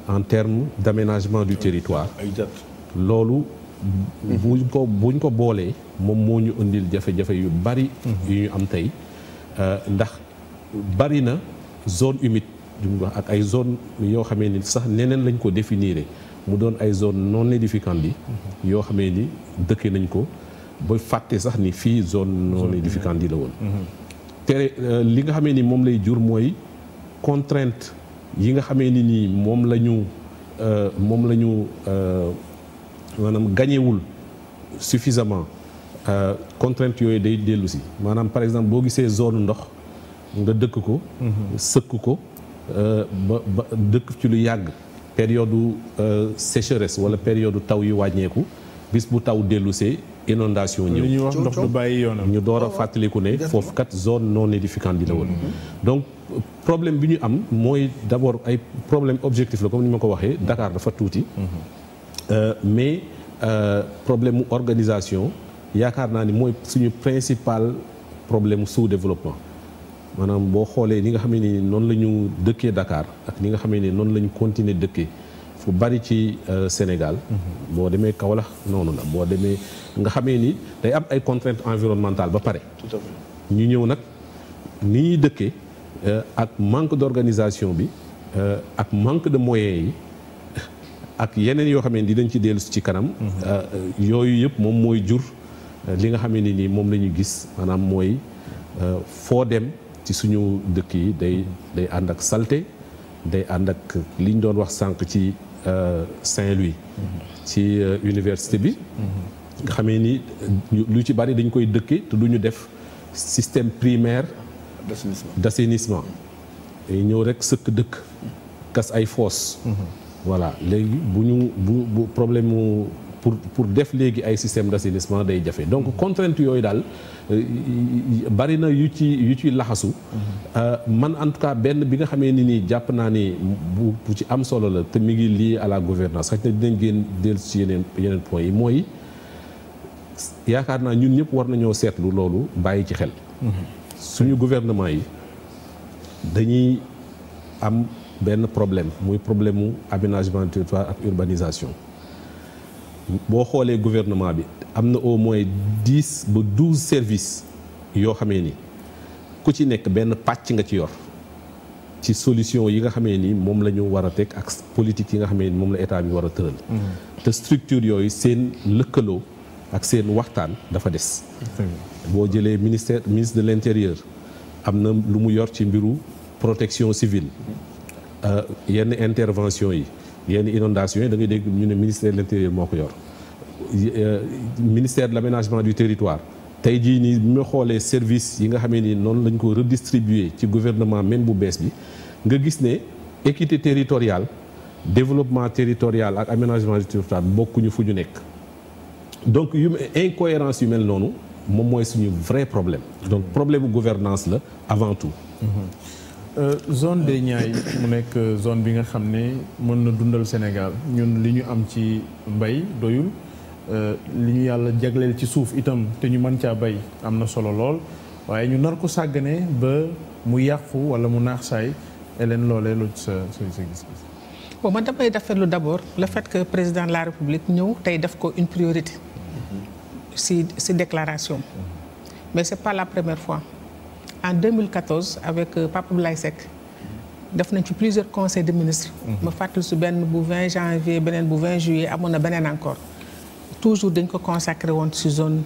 en termes d'aménagement du territoire loolu buñ ko buñ ko boolee moom moo ñu indil jafe-jafe yu bari mhm. yu ñu am tey euh, ndax bari na zone humide duñ wax ak ay zone yoo xamee ni sax neneen lañ ko définir mu doon ay zone non aedificandi mhm. yoo xamee ni dëkkee nañ ko ba fàttee sax ni fii zone non aedificandi la woon mm-hmm. te euh, li nga xamee ni moom lay jur mooy contrainte yi nga xamee ni nii moom la ñu euh, moom la ñu euh, maanaam gañewul suffisamment contrainte yooyu day dellusi maanaam par exemple boo gisee zone ndox nga dëkk ko mm-hmm. sëkk ko ba ba dëkk ci lu yàgg période sécheresse wala période taw yi wàññeeku bis bu taw dellusee inondation ñëw li ñuy wax ndox bàyyi yoonam ñu door a fàttaliku ne foofu kat zone non aedificandi di la woon mhm. donc problème bi ñu am mooy d'abord ay problème objectif la comme ni ma ko waxee dakaar dafa tuuti mhm. euh, mais euh, problème mu organisation yaakaar naa ni mooy suñu principal problème mu sous-développement maanaam boo xoolee ni nga xam ne ni noonu la ñu dëkkee dakaar ak ni nga xam ne ni noonu la ñu continuer dëkkee bu bari ci euh, Sénégal. boo demee Kaolack noonu la boo demee nga xamee ni day am ay contraintes environnementales ba pare. tout ñu ñëw nag ni ñuy dëkkee euh, ak manque d'organisation bi euh, ak manque de moyens yi ak yeneen yoo xam ne dinañ ci dellu ci kanam. Mhm. yooyu yëpp moom mooy jur li nga xam nii moom la ñu gis maanaam mooy foo dem ci suñu dëkk yi day day ànd ak salte day ànd ak li ñu doon wax sànq ci Euh, Saint-Louis ci euh, université bi nga xamee ni lu ci bari dañ koy dëkke te du ñu def système primaire d'assainissement day ñëw rek sëkk dëkk gas ay fosse mhm. voilà léegi bu ñu bu bu problème mu pour pour def léegi ay système d'assainissement day jafe donc mm-hmm. contrainte yooyu daal euh, bari na yu ci yu ci laxasu mm-hmm. euh, man en benn bi nga xamee ni nii jàpp naa ni bu bu ci am solo la te mi ngi lié à la gouvernance xëy na dinañ génn dellu ci yeneen yeneen points yi mooy yaakaar naa ñun ñëpp war nañoo seetlu loolu bàyyi ci xel mm-hmm. suñu gouvernement yi dañuy am benn problème muy problème mu aménagement du territoire ak urbanisation boo xoolee gouvernement bi am na au moins dix ba douze service yoo xamee ni ku ci nekk benn pàcc nga ci yor ci solution yi nga xamee ni moom la ñu war a teg ak politique yi nga xamee ni moom la état bi war a tëral. Mm-hmm. te structure yooyu seen lëkkaloo ak seen waxtaan dafa des. boo jëlee ministère ministre de l' intérieur am na lu mu yor ci mbiru protection civile euh, yenn intervention yi. yenn inondation yi da ngay dégg ñu ne ministère de l'intérieur moo ko yor euh, ministère de l'aménagement du territoire tey jii nii bi ma xoolee service yi nga xamee ni noonu lañ ko redistribuer ci gouvernement même bu bees bi nga gis ne équité territoriale développement territorial ak aménagement du territoire bokkuñu fu ñu nekk donc yu incohérence yu mel noonu moom mooy suñu vrai problème donc problème gouvernance la avant tout mm Euh, zone des Niayes mu nekk euh, zone bi nga xam ne mën na dundal Sénégal ñun li ñu am ci mbay doyul euh, li ñu yàlla jagleel ci suuf itam te ñu mën caa bay am na solo lool waaye ñu nar ko sàggane ba mu yàqu wala mu naax saay eleen loolee lu sa sa sa gis-gis. bon man damay rafetlu d'abord le fait que président de la République ñëw tey def ko une priorité. Mm-hmm. si si déclaration. Mm-hmm. mais c'est pas la première fois. en 2014 avec euh, Pape Abdoulaye Seck def nañ ci plusieurs conseil de ministre mhm. ma fàttali su benn bu 20 janvier beneen bu 20 juillet amoon na beneen encore toujours dañ ko consacré woon si zone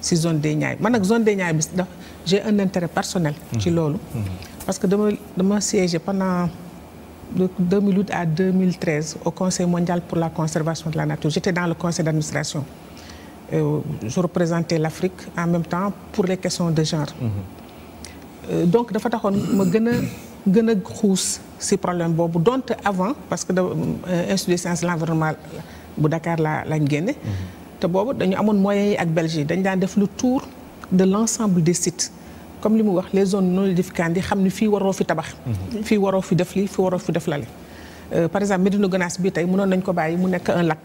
si zone des Niayes man nag zone des Niayes bi dafa j'ai un intérêt personnel. Mhm. ci loolu. Mhm. parce que dama dama siégé pendant de 2008 à 2013 au conseil mondial pour la conservation de la nature j'étais dans le conseil d'administration. euh, je représentais l'Afrique en même temps pour les questions de genre. Mhm. Euh, donc dafa taxoon ma gën a gën a xuus ci problème boobu donte avant parce que da euh, institut des sciences de l'environnement bu Dakar laa lañ génne. Mhm. te boobu dañu amoon moyen yi ak Belgique dañ daan def le tour de l'ensemble des sites. comme li mu wax les zones non aedificantes yi xam ni fii waroo fi tabax. Mhm. fii waroo fi def lii fii waroo fi def lale. Euh, par exemple Médina Gounass bi tey mënoon nañ ko bàyyi mu nekk un lac.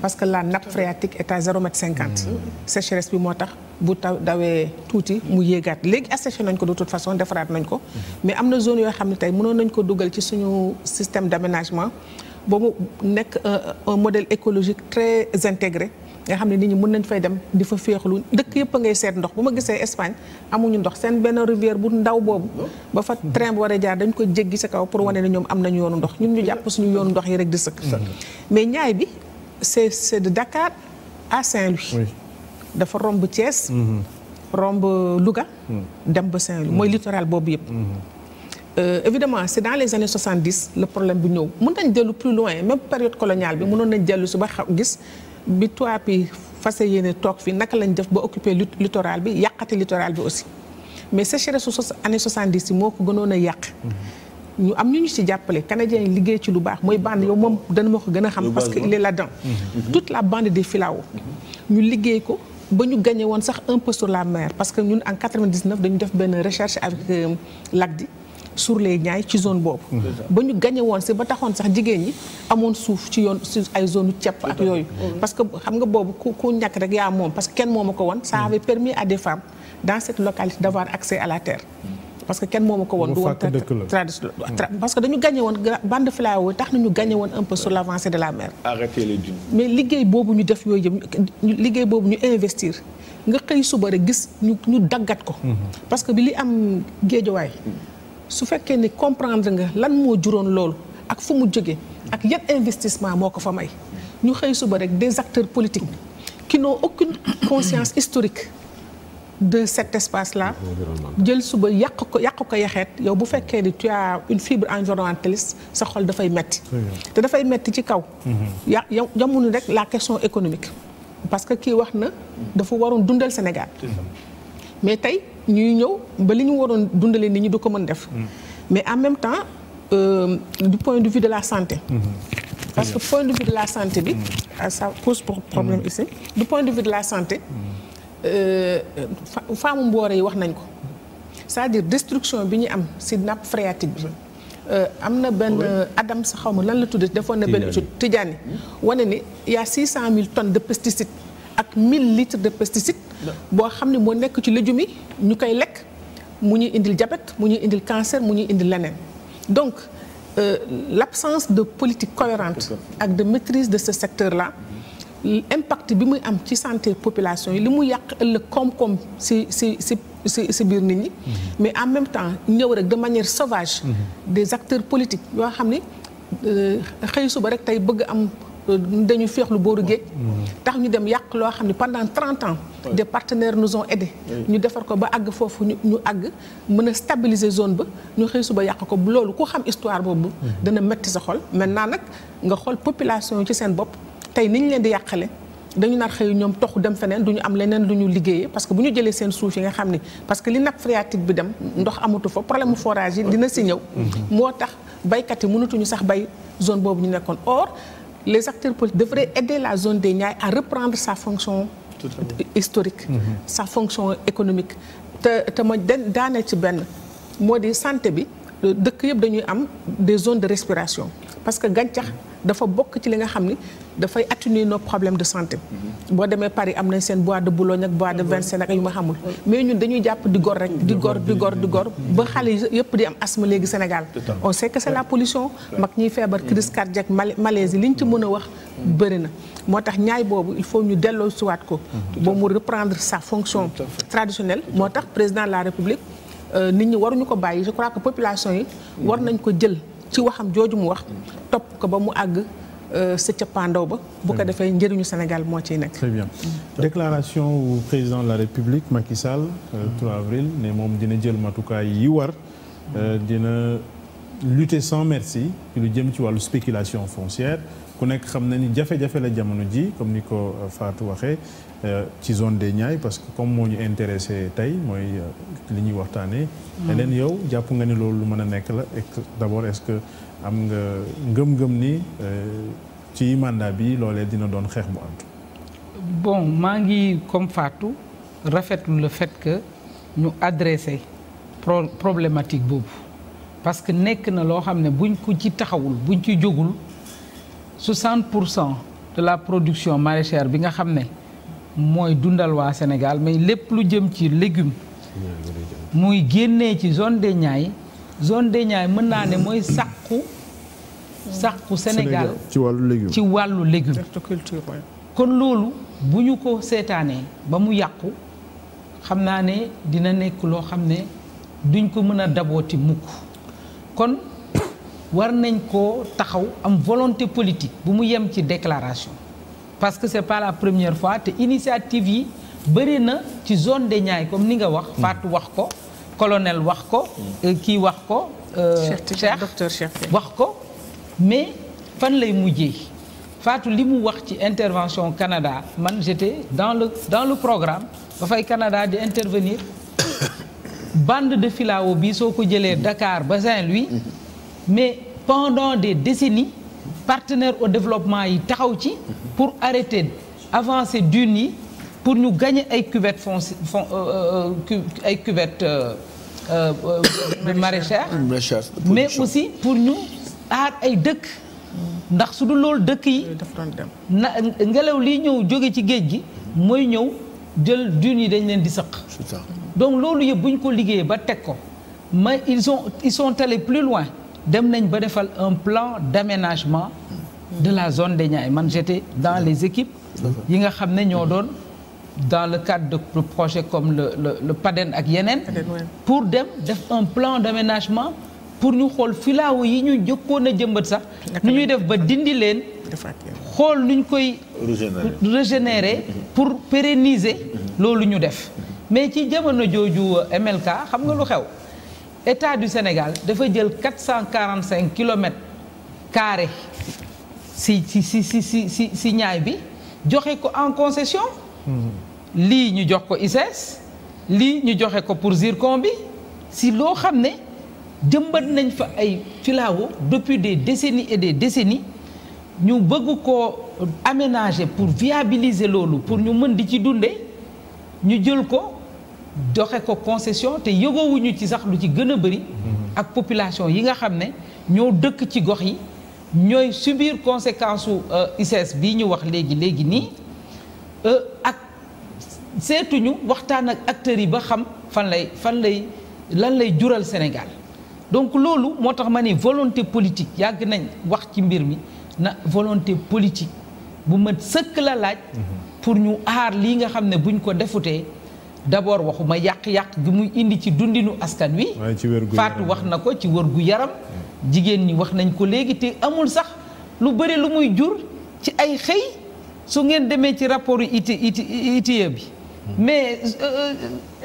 parce que la nappe phréatique est à zéro mètre cinquante. Hmm. sécheresse bi moo tax bu taw dawee tuuti mu yéegaat léegi asséché nañ ko de toute façon defaraat nañ ko. Hmm. mais am na zone yoo xam ne tey mënoon nañ ko dugal ci suñu système d' aménagement ba nekk un model écologique très intégré. nga xam ne nit ñi mën nañ fay dem di fa féexlu dëkk yëpp a ngay seet ndox bu ma gisee Espagne amuñu ndox seen benn rivière bu ndaw boobu ba fa train bu war a jaar dañ ko jéggi sa kaw pour wane ne ñoom am nañu yoonu ndox ñun ñu jàpp suñu yoonu ndox yi rek di sëkk mm-hmm. mais ñaay bi c'est c'est de Dakar à Saint-Louis dafa romb Thiès mm-hmm. romb euh, Louga mm-hmm. dem ba Saint-Louis mooy littoral boobu yëpp Euh, évidemment c'est dans les années 70 le problème bu ñëw mën nañ dellu plus loin même période coloniale bi mënoon nañ dellu su ba xaw gis bi toit bi fase yéene toog fi naka lañ def ba occuper littoral bi yàqati littoral bi aussi mais sécheresse su sos année 70 moo ko gënoon a yàq. Mm-hmm. ñu am ñu ñu si jàppale canadiens yi liggéey ci lu baax mooy bande yow moom dana ma ko gën a xam. parce que il est là-dedans. Mm-hmm. toute la bande des Filao. Mm-hmm. ñu liggéey ko ba ñu gagné woon sax un peu sur la mer parce que ñun en 99 dañu def benn recherche avec euh, l'ACDI. sur Sourley Niayes ci zone boobu. ba ñu gagné woon si ba taxoon sax jigéen ñi amoon suuf ci yoon si ay zone cepp ak yooyu. parce que xam nga boobu ku ku ñàkk rek yaa moom parce que kenn moomu ko woon. ça avait permis à des femmes dans cette localité d' avoir accès à la terre. parce que kenn moomu ko woon. du woon parce que dañu gagné woon bande tax na ñu un peu sur l' de la mer. mais liggéey boobu ñu def yooyu yëpp liggéey boobu ñu investir. nga xëy suba rek gis ñu daggat ko. Mhm. parce que bi li am géejawaay su fekkee ni comprendre nga lan moo juróon loolu ak fu mu jógee ak yan investissement moo ko fa may ñu xëy suba rek des acteurs politique qui n'ont aucune conscience historique de cet espace là jël suba yàq ko yàq ko yaxeet yow bu fekkee ni tu as une fibre environnementaliste sa xol dafay metti te dafay metti ci kaw mhm. ya yamunu rek la économique parce que kii wax na dafa waroon dundal Sénégal mais tey ñuy ñëw ba li ñu waroon dundalee ni ñi du ko mën def. Mm. mais en même temps euh, du point de vue de la santé. Mm-hmm. parce que point de vue de la santé bi. Mm-hmm. Ah, ça pose problème mm-hmm. ici. du point de vue de la santé. Euh, faamu mboore yi wax nañ ko. c'est-à-dire destruction bi ñu am si nappe phréatique bi. Euh, am na benn Adam sa xaw ma lan la tuddee defoon na benn étude Tidjani wane ni y a 600000 tonnes de pesticides. ak mille litres de pesticide boo xam ne moo nekk ci légumes yi ñu koy lekk mu ñuy indil diabète mu ñuy indil cancer mu ñuy indil leneen donc euh, l'absence de politique cohérente ak de maitrise de ce secteur la impact bi muy am ci santé population yi li mu yàq ëllëg koom-koom si si si biir nit ñi mm-hmm. mais en même temps ñëw rek de manière sauvage mm-hmm. des acteurs politiques yoo xam ni euh, xëy suba rek tey bëgg am dañu féexlu booru géej mm. tax ñu dem yàq loo xam ne pendant trente ans des partenaires nous ont aidés ñu defar ko ba àgg foofu ñu àgg mën a stabiliser zone ba ñu xëy suba yàq ko loolu ku xam histoire boobu mm-hmm. dana metti sa xol maintenant nag nga xool population ci seen bopp tey ñu leen di yàqale dañu nar xëy ñoom toxu dem feneen du ñu am leneen lu ñu liggéeyee parce que bu ñu jëlee seen suuf yi nga xam ni parce que li nappe phréatique bi dem ndox amatu fa problème forage dina si ñëw mm-hmm. moo tax baykat yi mënatuñu sax bay boobu ñu nekkoon les acteurs politiques devraient aider la zone des Niayes à reprendre sa fonction historique sa fonction économique te te ma daanee ci benn moo di santé bi dëkk yëpp dañuy am des zones de respiration parce que gàncax dafa bokk ci li nga xam ni dafay atténuer no problèmes de santé boo demee Paris am nañ seen bois de Boulogne ak bois de mm-hmm. Vincennes ak yu ma xamul mais ñun dañuy jàpp di gor rek di gor di gor ba xale yëpp di am asthme léegi Sénégal on sait que c'est la polition mag ñuy feebar crise mm-hmm. cardiaque malaise li ñu ci mën a wax mm-hmm. bëri na moo tax ñaay boobu il faut ñu delloo suwaat ko ba mu reprendre sa fonction traditionnelle moo tax président la République Euh, nit ñi waruñu ko bàyyi je crois que population yi war nañ ko jël ci waxam jooju mu wax topp ko ba mu àgg euh, sa cappaandaw ba bu ko hmm. defee njëriñu Sénégal moo ciy nekk hmm. déclaration wu président la République Macky Sall 3 euh, hmm. avril ne moom dina jël matukaay yi war dina lutter sans merci ci lu jëm ci wàllu spéculation foncière ku nekk xam na ni jafe-jafe la jamono ji comme ni ko Fatou waxee Euh, ci zone des Niayes parce que comme moo ñu intéressé tey mooy euh, li ñuy waxtaanee. leneen hmm. yow jàpp nga ni loolu lu mën a nekk la et d'abord est-ce que am nga ngëm-ngëm ni euh, ci mandat bi loolee dina doon xeex bu antu bon maa ngi comme Fatou rafetlu le fait que ñu adressé pro problématique boobu parce que nekk na loo xam ne buñ ko ci taxawul buñ ci jógul 60 pour cent de la production maraîchère bi nga xam ne. mooy dundal waa Sénégal mais lépp lu jëm ci légume muy génnee ci zone des Niayes zone des Niayes mën naa ne mooy sàqu sàqu Sénégal ci wàllu légume ci wàllu légume horticulture kon loolu bu ñu ko seetaanee ba mu yàqu xam naa ne dina nekk loo xam ne duñ ko mën a dabooti mukk kon war nañ koo taxaw am volonté politique bu mu yem ci déclaration parce que c'est pas la première fois te initiative yi bëri na ci zone des Niayes comme ni nga wax. Hmm. Fatou wax ko colonel wax ko. Hmm. Euh, kii wax ko. Euh, Cheikh docteur Cheikh wax ko mais fan lay mujjee faatu li mu wax ci intervention Canada man j'étais dans le dans le programme dafay Canada de intervenir band de filao bi soo ko jëlee Dakar ba Saint-Louis hmm. mais pendant des décennies partenaire au développement yi taxaw ci. pour arrêter avancer dunes yi pour ñu gagner ay cuvettes fon euh, euh, ay cuvettes euh, maraîchères mais aussi pour ñu aar ay dëkk ndax su du loolu dëkk yi na ngelaw liy ñëw jóge ci géej gi mooy ñëw jël dunes yi dañ leen di sëq donc loolu yëpp bu ñu ko liggéeyee ba teg ko mais ils ont ils sont allés plus loin dem nañ ba defal un plan d'aménagement de la zone des Niayes man j'étais dans les équipes yi nga xam ne ñoo doon dans le cadre de projets comme le le le ak yeneen pour dem def un plan d'aménagement pour ñu xool filaawu yi ñu jëkkoon a jëmbat sax nu ñuy def ba dindi leen xool nuñ koy régénérer pour pérenniser loolu ñu def mais ci jamono jooju euh, MLK xam nga lu xew état du Sénégal dafa jël 445 kilomètres carrés si si si si si si ñaay bi joxe ko en concession lii ñu jox ko ICS lii ñu joxe ko pour zircon bi si loo xam ne jëmbat nañ fa ay filao depuis des décennies et des décennies ñu bëgg ko aménager pour viabiliser loolu pour ñu mën di ci dunde ñu jël ko joxe ko concession te yëgoowuñu ci sax lu ci gën a bëri mm-hmm. ak population yi nga xam ne ñoo dëkk ci gox yi ñooy subir conséquence su euh, ICS bii ñu wax léegi léegi nii euh, ak seetuñu waxtaan ak acteurs yi ba xam fan lay fan lay lan lay jural Sénégal donc loolu moo tax ma ne volonté politique yàgg nañ wax ci mbir mi na volonté politique bu mat sëkk la laaj. Mhm. pour ñu aar lii nga xam ne buñ ko defutee d'abord waxuma yàq-yàq gi muy indi ci dundinu askan wi. Faatu wax na ko ci wër gu yaram. Mm. jigéen ñi wax nañ ko léegi te amul sax lu bëri lu muy jur ci ay xëy su ngeen demee ci rapport yi it iti ITIE bi mais euh,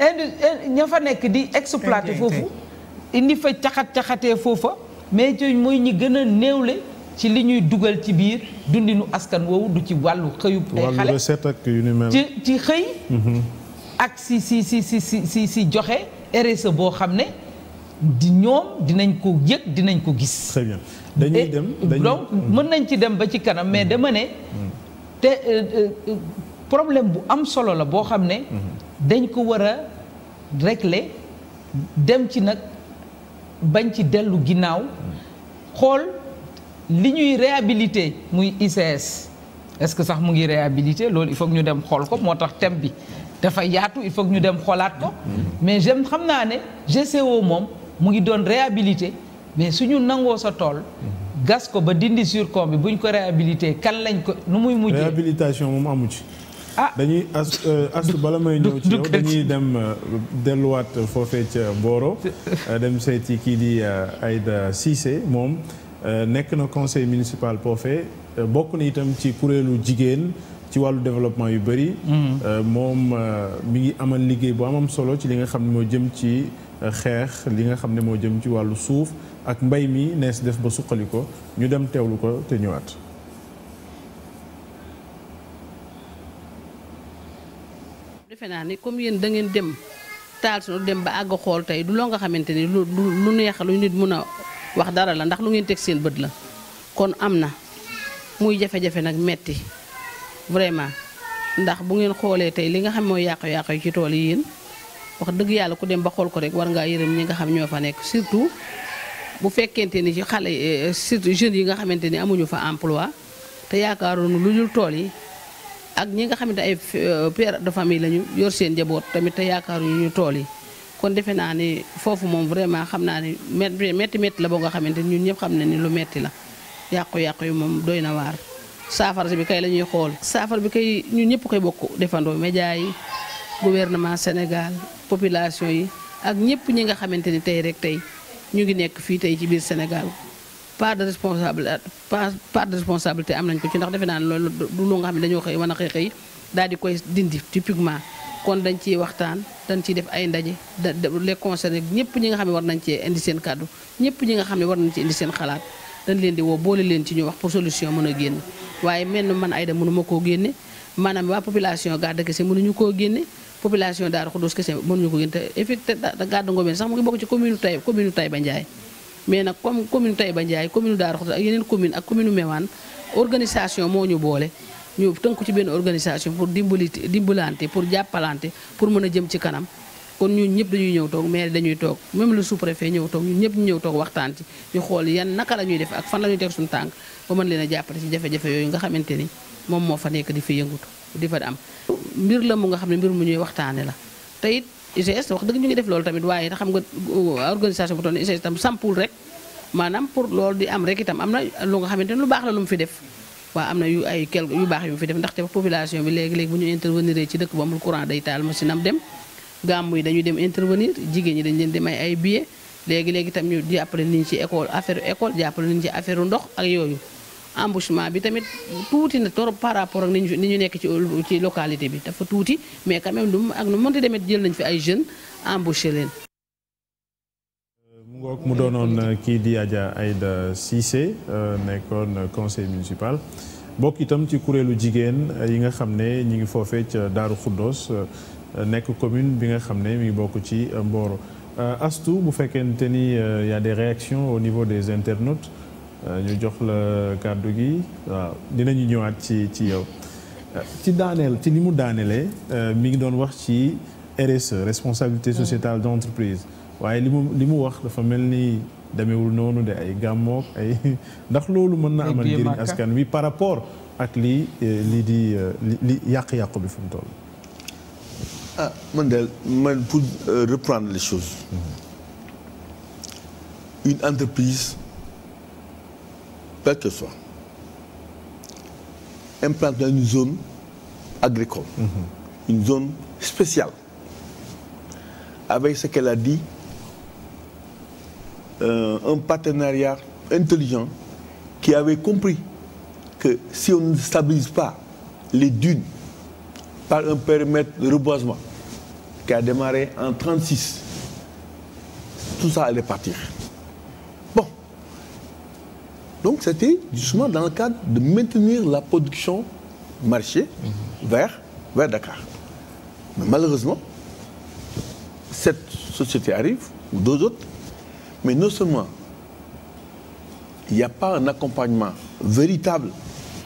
euh, ind euh, ña fa nekk di exploité foofu indi fa caxat-caxatee foofa mais ci mooy ñi gën a néewle ci li ñuy dugal ci biir dundinu askan woowu du ci wàllu xëyub ay xale ci ci xëy mhm. ak si si si si joxe RSE boo xam ne di ñoom dinañ ko yëg dinañ ko gis. très dañuy dem donc mën nañ ci dem ba ci kanam mais mm-hmm. dama ne. Mm-hmm. te euh, euh, problème bu am solo la boo xam ne. Mm-hmm. dañ ko war a régler dem ci nag bañ ci dellu ginnaaw xool li ñuy réhabilité muy ICS est que sax mu ngi réhabilité loolu il faut ñu dem xool ko moo tax thème bi dafa yaatu il faut ñu dem xoolaat ko mais j'aime xam naa ne GCO moom. mu ngi doon réhabilité mais suñu nangoo sa tool mhm. gas ko ba dindi sur surcom bi bu buñ ko réhabilité kan lañ ko nu muy mujjee réhabilitation moom amu ci ah dañuy as euh, as bala may ñëw ci yow dañuy dem euh, delluwaat foofee ca Mboro euh, dem seeti kii di Aïda Cissé moom nekk na conseil municipal poofe bokk na itam ci kuréelu jigéen ci wàllu développement yu bëri mm. moom mu ngi amal liggéey bu amam solo ci li nga xam ne moo jëm ci xeex li nga xam ne moo jëm ci wàllu suuf ak mbay mi nees def ba suqali ko ñu dem teew teewlu ko te ñëwaat. defe naa ne comme yéen da ngeen dem taal sunu dem ba àgg xool tey du loo nga xamante ni lu lu neex lu nit mun a wax dara la ndax lu ngeen teg seen bët la kon am na muy jafe-jafe nag metti vraiment ndax bu ngeen xoolee tey li nga xam mooy yàqu-yàqu yi ci tool yi wax dëgg yàlla ku dem ba xool ko rek war ngaa yërëm ñi nga xam ñoo fa nekk surtout bu fekkente ni ci xale euh, surtout jeunes yi nga xamante ni amuñu fa emploi te yaakaaroon lu dul tool yi ak ñi nga xamante ay euh, père de famille lañu yor seen njaboot tamit te yaakaaruñu tool yi kon defe naa ni foofu moom vraiment xam naa ni metti metti la boo nga xamante ni ñun ñëpp xam ne ni lu metti la yàqu-yàqu yi moom doy na waar saafara bi kay la xool saafara bi kay ñun ñëpp koy bokk defandoo média gouvernement Sénégal population yi ak ñëpp ñi nga xamante ni tey rek tey ñu ngi nekk fii tey ci biir Sénégal par de responsable part de responsabilité am nañ ko ci ndax defe naa ne loolu du lu nga xam ne dañoo xëy mën a xëy xëy daal di koy dindi typiquement kon dañ ciy waxtaan dañ ciy def ay ndaje da de les concernés ñëpp ñi nga xam ne war nañ cee indi seen kàddu ñëpp ñi nga xam ne war nañ ci indi seen xalaat dañ leen di woo boole leen ci ñu wax pour solution mën a génn waaye mel man Aïda mënuma koo génne maanaam waa population Gadda Guessé mënuñu koo génne population Daaru Xudoos kese mënuñu ko gën te effectivement da gàddu ngomeen sax mu ngi bokk ci commune Tay ba Taïba Ndiaye mais nag comme commune Taïba Ndiaye commune Daaru commune ak commune Mewane organisation ñu boole ñu tënku ci benn organisation pour dimbali dimbalante pour jàppalante pour mën a jëm ci kanam kon ñun ñëpp dañuy ñëw toog maire dañuy toog même le sous-préfet ñëw toog ñun ñëpp ñu ñëw toog waxtaan ci ñu xool yan naka la ñuy def ak fan la ñuy teg suñu tànk ba mën leen a jàppale yooyu nga xamante ni moom moo fa nekk di fi di fa am mbir la mu nga xam ne mbir mu ñuy waxtaane la te it UGS wax dëgg ñu ngi def loolu tamit waaye xam nga uh, organisation bu toll UGS tam sampul rek maanaam pour loolu di am rek itam am na lu nga xamante ne lu baax la lu mu fi def waa am na yu ay quelque yu baax yu mu fi def ndaxte population bi léegi-léegi bu ñu intervenir ci dëkk ba amul courant day taal machine am dem gàmmu yi dañuy dem intervenir jigéen ñi dañ leen di may ay billet léegi-léegi itam ñu jàppale nit ñi école affaire école jàppale nit ci affaire ndox ak yooyu embouchement bi tamit tuuti na trop par rapport ak ni ñu ni ñu nekk ci ci localité bi dafa tuuti mais quand même lu mu ak nu mënti demet jël nañ fi ay jeunes embauché leen. mu ngoog mu doonoon kii di Adja Aïda Cissé euh, nekkoon conseil municipal bokk itam ci kuréelu jigéen yi nga xam ne ñu ngi foofee ca Daaru Xuddoos euh, nekk commune bi nga xam ne mi ngi bokk ci Mboro euh, Astou bu fekkente ni y a des réactions au niveau des internautes. Euh, ñu jox la kàddu gi waaw dinañu ñëwaat ci ci yow euh, ci daaneel ci li mu daanelee euh, mi ngi doon wax ci RSE responsabilité mm. sociétale d'entreprise waaye li mu li mu wax dafa mel ni demeewul noonu de ay gàmmook ay ndax loolu mën na amal njëriñ askan wi par rapport ak lii eh, lii di li yàq-yàqu bi fu mu toll ah man daal man pour reprendre quelle que soit implanté dans une zone agricole mm -hmm. une zone spéciale avec ce qu'elle a dit euh, un partenariat intelligent qui avait compris que si on ne stabilise pas les dunes par un périmètre de reboisement qui a démarré en 36 tout ça allait partir Donc c'était justement dans le cadre de maintenir la production marché vers, vers Dakar. Mais malheureusement, cette société arrive, ou deux autres, mais non seulement il n'y a pas un accompagnement véritable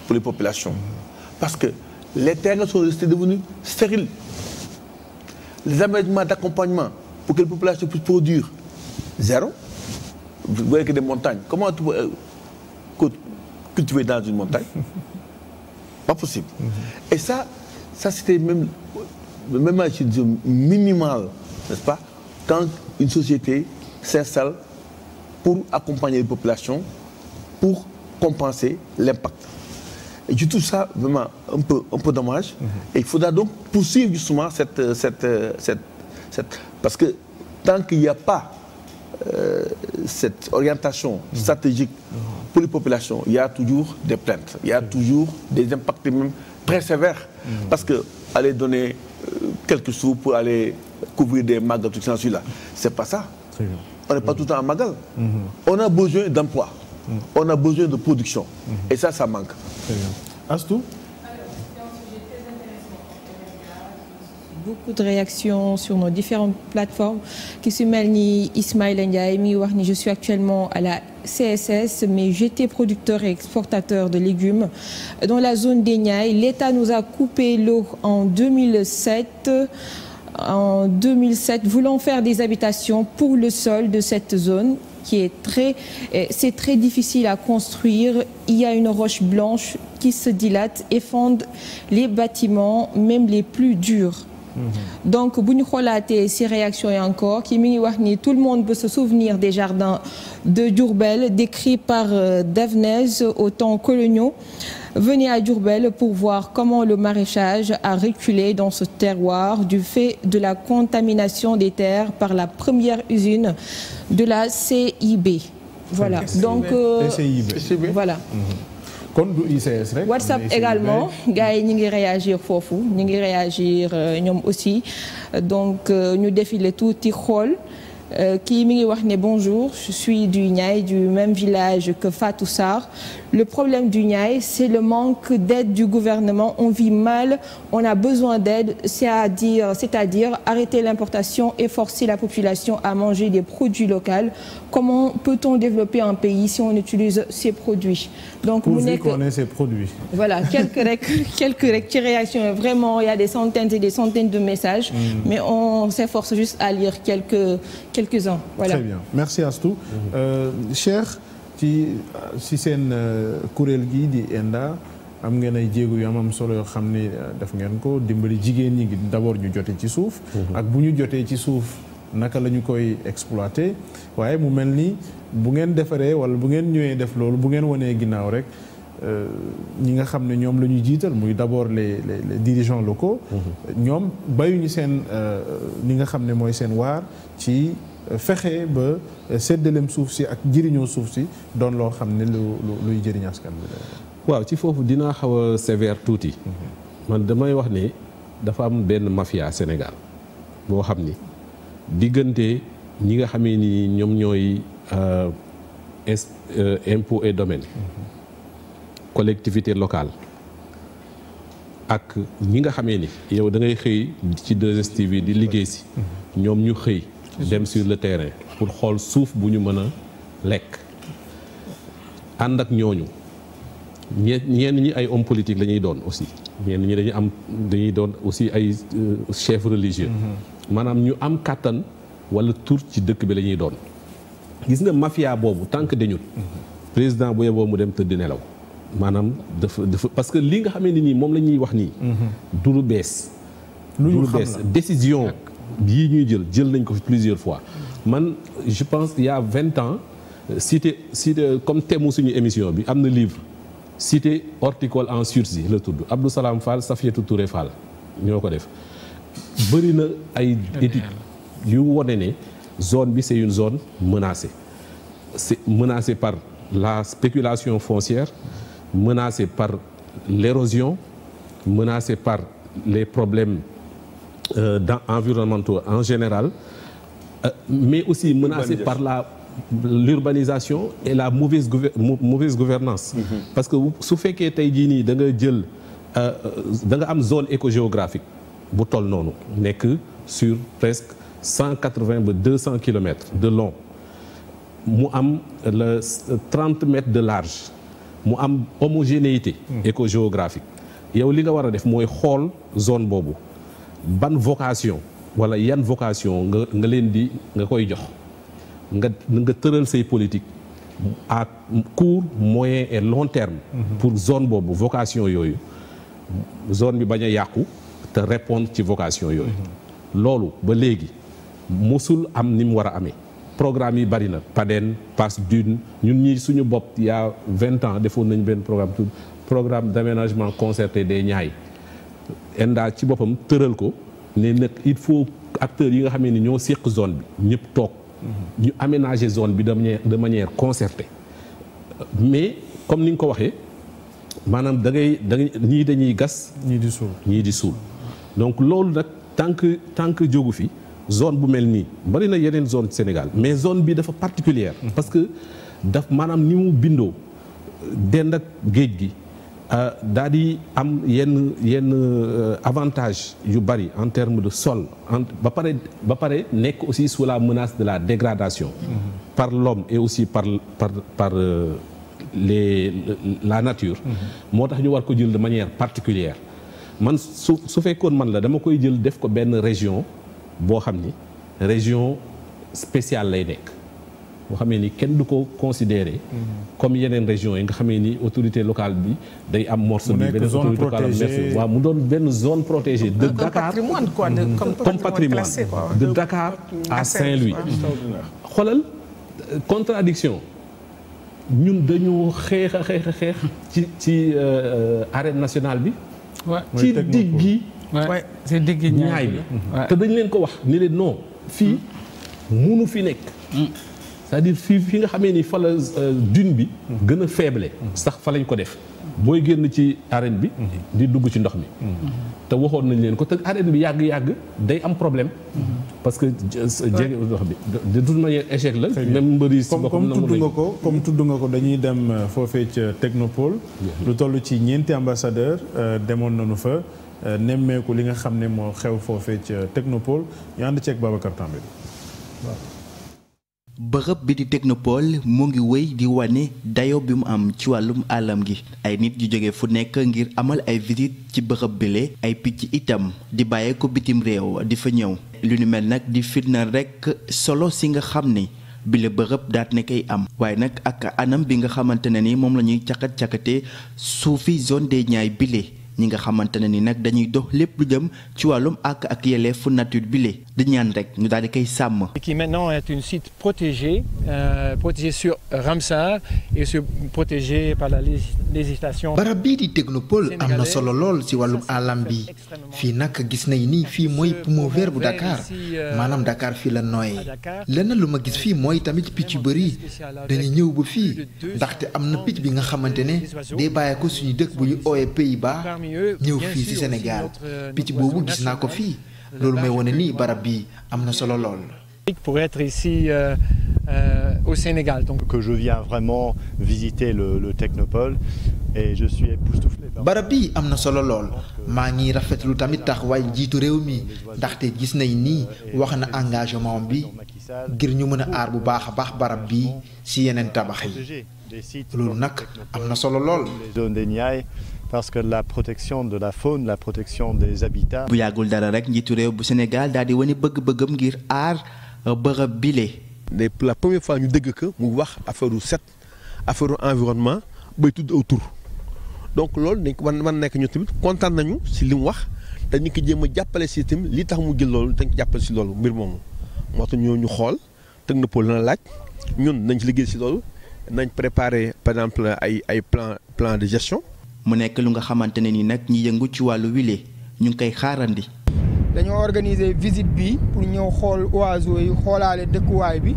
pour les populations, parce que les terres sont restées devenues stériles. Les aménagements d'accompagnement pour que les populations puissent produire, zéro. Vous voyez que des montagnes. cultiver dans une montagne pas possible mhm. et ça ça c'était même même je dis minimal n'est-ce pas quand une société s'installe pour accompagner les populations pour compenser l'impact et je trouve ça vraiment un peu un peu dommage mhm. et il faudra donc poursuivre justement cette euh, cette euh, cette cette parce que tant qu'il n'y a pas euh, cette orientation mhm. stratégique pour les populations il y a toujours des plaintes il y a toujours des impacts même très sévères mm. parce que aller donner euh, quelques sous pour aller couvrir des magal tout ça celui-là c'est pas ça on n'est pas tout le temps en magal mm-hmm. on a besoin d'emploi mm. on a besoin de production mm-hmm. et ça ça manque Astou beaucoup de réactions sur nos différentes plateformes ki si mel ni Ismaïla Ndiaye mi wax ni je suis actuellement à la CSS mais j'étais producteur et exportateur de légumes dans la zone des Niayes l'État nous a coupé l'eau en 2007 en 2007 voulant faire des habitations pour le sol de cette zone qui est très eh, c'est très difficile à construire il y a une roche blanche qui se dilate et fonde les bâtiments même les plus durs Mm-hmm. donc bu ñu xoolaatee ci réaction yi encore ki mi ngi wax ni tout le monde peut se souvenir des jardins de Diourbel décrits par euh, Davnez au temps coloniaux Venez à Diourbel pour voir comment le maraîchage a reculé dans ce terroir du fait de la contamination des terres par la première usine de la CIB. Voilà. kon du ICS rek. WhatsApp également gars yi ñu ngi réagir foofu ñu ngi réagir euh, ñoom aussi euh, donc euh, ñu défiler ti xool. Euh, kii mi ngi wax ne bonjour je suis du Niayes du même village que Fatou Sarr le problème du Niayes c'est le manque d'aide du gouvernement on vit mal on a besoin d'aide c'est-à-dire c'est-à-dire arrêter l'importation et forcer la population à manger des produits locaux comment peut-on développer un pays si on utilise ces produits donc mu nekk on ces produits voilà quelques rek quelques rek ci réaction vraiment il y a des centaines et des centaines de messages mm. mais on s'efforce juste à lire quelques quelques-uns voilà très bien merci Astou. Mhm. Euh, Cheikh ci si seen euh, kuréel gi di ENDA am ngeen ay jéego yu solo yoo xam ni euh, def ngeen ko dimbali jigéen ñi ngi d'abord ñu jotee ci suuf. Mhm. ak bu ñu jotee ci suuf naka la ñu koy exploité waaye mu mel nii bu ngeen defaree wala bu ngeen ñëwee def loolu bu ngeen wanee ginnaaw rek. Euh, ñi nga xam ne ñoom la ñuy jiital muy d'abord les les les dirigeants locaux. Mm-hmm. ñoom bayuñu seen ni euh, nga xam ne mooy seen waar ci euh, fexe ba séddaleem suuf si ak jëriñoo suuf si doon loo xam ne luy jëriñ askan bi waaw ci foofu dinaa xaw a sévère tuuti. Mm-hmm. man damay wax ne dafa am benn mafia Sénégal boo xam ni diggante ñi nga xamee ni ñoom ñooy impôt et domaine. Mm-hmm. collectivité locale ak ñi nga xamee ni yow dangay xëy ci 2STV di liggéey si ñoom ñu xëy dem sur le terrain pour xool suuf bu ñu mën a lekk ànd ak ñooñu ñenn ñi ay homme politique la doon aussi ñenn ñi dañuy am dañuy doon aussi ay euh, chef religieux mm-hmm. maanaam ñu am kàttan wala tur ci dëkk bi la ñuy doon gis nga mafia boobu tànk que dañul mm-hmm. président bu yeboo mu dem tëdd nelaw maanaam dafa dafa parce que li nga xamee ni nii moom la ñuy wax nii. Mhm. du lu bees. lu ñu xam la décision yii ñuy jël jël nañ ko fi plusieurs fois. man je pense yaa vingt ans cité cité comme temu suñu émission bi am na livre cité horticole en sursis la tudd Abdou Salam Fall Safiatou Touré ñoo ko def bëri na ay études yu wone ne zone bi c'est une zone menacée c'est menacée par la spéculation foncière menacés par l'érosion, menacés par les problèmes euh, environnementaux en général, euh, mais aussi menacés par la l'urbanisation et la mauvaise mauvaise gouvernance mhm. parce que su fekkee tey jii nii da nga jël euh, euh, da nga am zone écogéographique bu toll noonu nekk sur presque cent quatre-vingts ba deux cents kilomètres de long mu am le trente mètres de large mu am homogénéité hmm. éco-géographique yow li nga war a def mooy xool zone boobu ban vocation wala yan vocation nga nga leen di nga koy jox nga nga tëral say politique à court moyen et long terme hmm. pour zone boobu vocation yooyu zone bi bañ a yàqu te répondre ci vocation yooyu hmm. loolu ba léegi mosul am ni mu war a amee programme yi bari na PADEN passe dune ñun ñii suñu bopp yaa vingt ans defoon nañu benn programme tout programme d'aménagement concerté des ñaay ENDA ci boppam tëral ko ne nag il faut acteurs yi nga xam ni ñoo séq zone bi ñëpp toog ñu aménager zone bi de manière de manière concertée mais comme ni nga ko waxee maanaam da ngay da ñii dañuy gas ñii di suul ñii di suul donc loolu nag tant que tant jógu fi zone bu mel nii bari na yeneen zone Sénégal mais zone bi dafa particulière mm-hmm. parce que daf maanaam ni mu bindoo dend ak géej gi euh, daal di am yenn yenn euh, avantage yu bari en terme de sol en ba pare ba pare nekk aussi su la menace de la dégradation mm-hmm. par l'homme et aussi par par par euh, les la nature mm-hmm. moo tax ñu war ko jël de manière particulière man su su fekkoon man la dama koy jël def ko benn région boo xam ni région spéciale lay nekk boo xamee ni kenn du ko considérer mm. comme yeneen région yi nga xamee ni autorité locale bi day am morceau bi beneen autorité locale am waaw mu doon benn zone protégée de Dakar mm. comme patrimoine de Dakar à Saint-Louis mm. xoolal contradiction ñun dañu xeex a xeex xeex ci ci euh, euh, arène nationale bi ci digg waay c'est digg ñaay bi te dañ leen ko wax ni leen non fii munu fi nekk mm. c'est-à-dire fii fi nga xamee ni fa la euh, dune bi gën a faible sax fa lañ ko def booy génn ci arène bi di dugg ci ndox mi mm-hmm. te waxoon nañ leen ko te arène bi yàgg-yàgg day am problème mm-hmm. parce que jege ndox bi de toute manière échec la même mbër yi si boppam tudd nga ko comme tudd nga ko dañuy dem euh, foofee ca Technopole lu toll ci ñeenti ambassadeur euh, demoon nañu fa Euh, nemmeeku li nga xam ne moo xew foofee ca technopole ñu ànd ceeg Babacar També. bërëb bi di technopole mu ngi wéy di wane dayo bi mu am ci wàllum alam gi ay nit yu jóge fu nekk ngir amal ay visite ci bërëb bile ay picc itam di bàyyee ko bitim réew di fa ñëw lu ni mel nag di fitna rekk solo si nga xam ni bile bërëb daat ne koy am waaye nag ak anam bi nga xamante ne ni moom la ñuy cakat-cakate suufi zone des Niayes bile ñi nga xamante ne ni nag dañuy dox lépp lu jëm ci wàllum ak ak yelleefu nature bi le di ñaan rek ñu daal di koy sàmm. qui maintenant est un site protégé euh, protégé sur Ramsar et sur protégé par la législation. barab bii di technopole am na solo lool ci wàllum alam bi fii nag gis nañ nii fii mooy poumon vert bu Dakar euh, maanaam Dakar fii la nooyee lenn lu ma gis fi mooy tamit picc yu bëri dañuy ñëw ba fii ndaxte am na picc bi nga xamante ne day bàyyeekoo suñu dëkk bu ñu oowee pays ñëw fii ci Sénégal euh, picc boobu gis naa ko fii loolu may wane ni barab bi am na solo lool. pour être ici euh, euh, au Sénégal donc. que je viens vraiment visiter le le technopole et barab bi am na solo lool maa ngi rafetlu tamit tax waaye jiitu réew mi ndaxte gis nañ ni wax na engagement bi ngir ñu mën a aar bu baax a baax barab bi ci yeneen tabax yi loolu nag am na solo lool. parce que la protection de la faune la protection des habitats. bu yàggul dara rek njiitu réew bu Sénégal daal di wane bëgg-bëggam ngir aar euh, bërëb bile. mais la première fois ñu dégg ko mu wax affaire u set affaire environnement bay tudd aw donc loolu dañ ko wan wan nekk ñu tamit kontaan nañu si li mu wax dañu ko jéem a jàppale si tamit li tax mu jël loolu dañ ko jàppale si loolu mbir moomu moo tax ñoo ñu xool teg na na laaj ñun nañ ci liggéey si lool nañ préparer par exemple ay ay plan plan de gestion. mu nekk lu nga xamante ne ni nag ñi yëngu ci wàllu wile ñu ngi koy xaarandi. dañoo organiser visite bi pour ñëw xool oiseaux yi xoolaale dëkkuwaay bi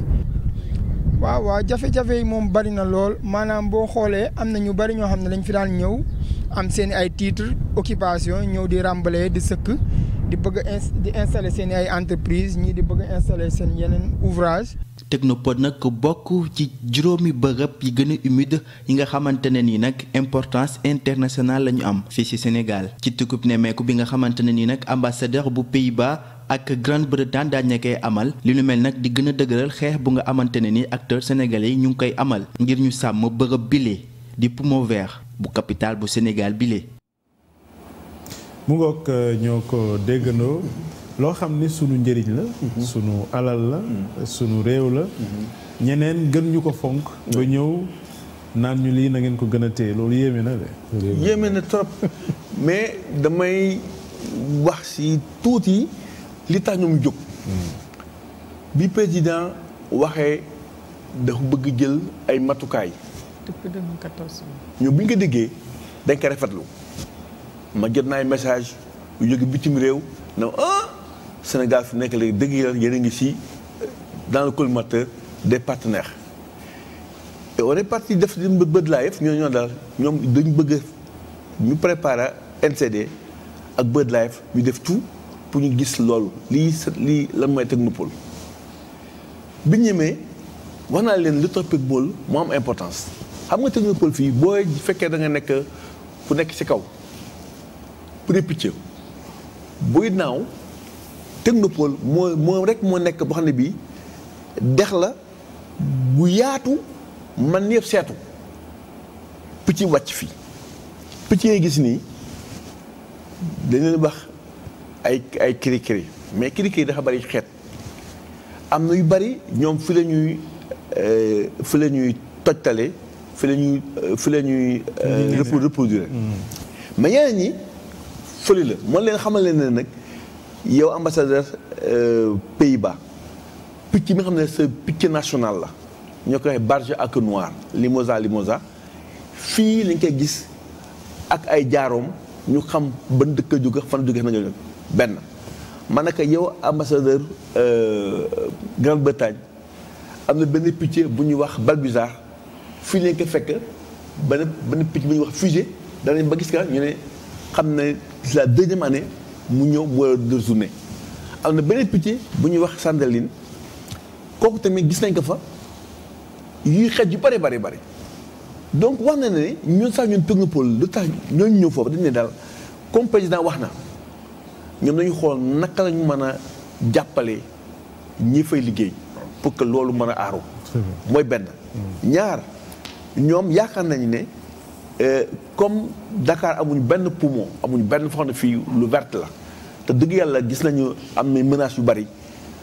waaw waaw jafe-jafe yi moom bari na lool maanaam boo xoolee am na ñu bari ñoo xam ne dañ fi daan ñëw am seen ay titre occupation ñëw di rambale di sëkk. di bëgg a di installer seen ay entreprise ñii di bëgg a installer seen yeneen ouvrage technopole nag ko bokk ci juróomi bërëb yi gën a humide yi nga xamante ne nii nag importance internationale la ñu am fii ci Sénégal ci tukkub nemmeeku bi nga xamante ne nii nag ambassadeur bu pays ba ak Grande-Bretagne daañu koy amal li nu mel nag di gën a dëgëral xeex bu nga xamante ne ni acteurs sénégalais yi ñu ngi koy amal ngir ñu sàmm bërëb bile di poumon vert bu capitale bu Sénégal bile. mu ngoog euh, ñoo ko déggandoo loo xam ne sunu njëriñ la mhm. sunu alal la mhm. sunu réew la mhm. ñeneen gën ñu ko fonk ba ñëw naan ñu lii na ngeen ko gën a téye loolu yéeme na de yéeme na trop mais damay wax si tuuti li tax ñoom jóg mm. bi président waxee dafa bëgg jël ay matukaay depuis 2014 bi nga ko déggee dañ ko rafetlu ma jot naay message yu jóge bitim réew ne ah Sénégal fu nekk léegi dëgg yàlla yéen a ngi ci euh, dans le collimateur des partenaires. et on est parti def li mu bët ñoo ñoo daal ñoom dañu bëgg ñu préparer NCD ak Bird Life def tout pour ñu gis loolu lii lii lan mooy technopole bi ñemee wax naa leen lu toppik bool moo am importance xam nga technopole fii boo fekkee da nekk fu nekk ci kaw premier picc buy naaw technopole moo moo rek moo nekk boo xam ne bi dex la bu yaatu man yëpp seetu picc wàcc fii picc yi gis nii dañ leen wax ay ay kirikiri mais kirikiri dafa bari xeet am na yu bari ñoom fi la ñuy euh, fi la ñuy tojtale fi la ñuy euh, fi la ñuy euh, reproduire mm. mais yeneen ñi folie la man leen xamal leen ne nag yow ambassadeur euh, Pays-Bas picc mi xam ne sa picc national la ñoo koy barge ak noir limosa limosa fii lañ koy gis ak ay jaaroom ñu xam ban dëkk a jóge fan jóge na nga ñëw benn man naka yow ambassadeur euh, Grande-Bretagne am na benn picc bu ñuy wax balbuzard fii lañ ko fekk benn benn picc bu ñuy wax fusée danañ ba gis ka ñu ne xam ne c'est la deuxième année mu ñëw boole deux journées am na beneen picc bu ñuy wax sandaline kooku tamit gis nañ ko fa yuy xet yu bari bari bari donc wax na ne ñun sax ñun technopole lu tax ñooñu ñëw foofu dañ ne daal comme président wax na ñoom dañu xool naka lañu mën a jàppale ñi fay liggéey pour que loolu mën a aaru mooy benn mm. ñaar ñoom yaakaar nañu ne Euh, comme Dakar amuñu benn poumon amuñ benn foo xam fii lu la te dëgg yàlla gis nañu am na menaces yu bari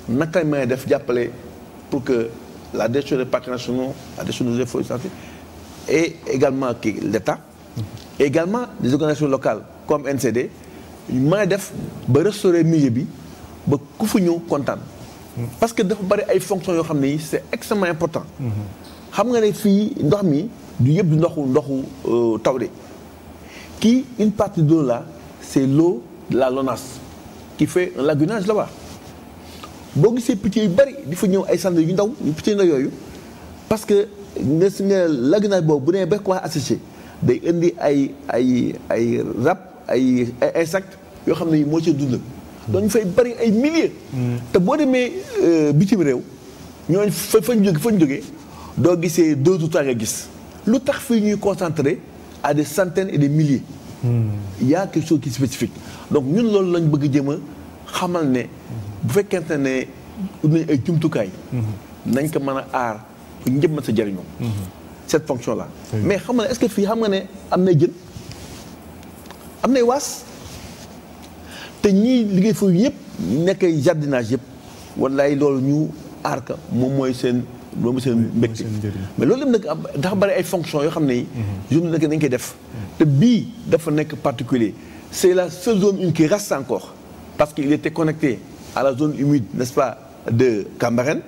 naka lañ mën def jàppale pour que la gestion des parcs nationaux la gestion des forêts et également kii l'État et mhm. également des organisations locales comme NCD ñu def ba restaurer milieu bi ba ku ñëw kontaan. Mhm. parce que dafa bari ay fonctions yoo xam ne c'est extrêmement important. Mhm. xam nga ne fii ndox mi. du yëpp du ndoxu ndoxu euh, taw de kii une partie d'eau la c'est l'eau de la LONASE qui fait un lagunage là-bas boo gisee picc yu bari di fa ñëw ay sand yu ndaw yu picc ndaw yooyu parce que nga si nga lagunage boobu bu nee ba ko asséché day indi ay ay ay rab ay ay insectes yoo xam ne yi moo ci dund. dañu fay bari ay milliers. Mm. te boo demee euh, bitim réew ñooñu fa fañ jóge fañ jógee doo gisee deux ou trois nga gis. lu tax fii ñuy concentré à des centaines et des milliers. Hmm. y a quelque chose spécifique donc ñun loolu lañ bëgg jëm a xamal ne. bu fekkente ne nañ ay jumtukaay. Hmm. nañ ko mën a aar pour ñëpp sa jëriñoo. Hmm. cette fonction là. mais xam nga ne est-ce que fii xam nga ne am nay jën am nay waas te ñii liggéey foofu yëpp nekk jardinage yëpp wallaay loolu ñu aar ka moom mooy seen. loolu mooy seen mbégte mais loolu lépp nag dafa bari yoo xam ne mm-hmm. yi dañ koy def mm-hmm. te bii dafa nekk particulier c'est la seule zone une qui reste encore parce qu'il était connecté à la zone humide nest pas de Cambérène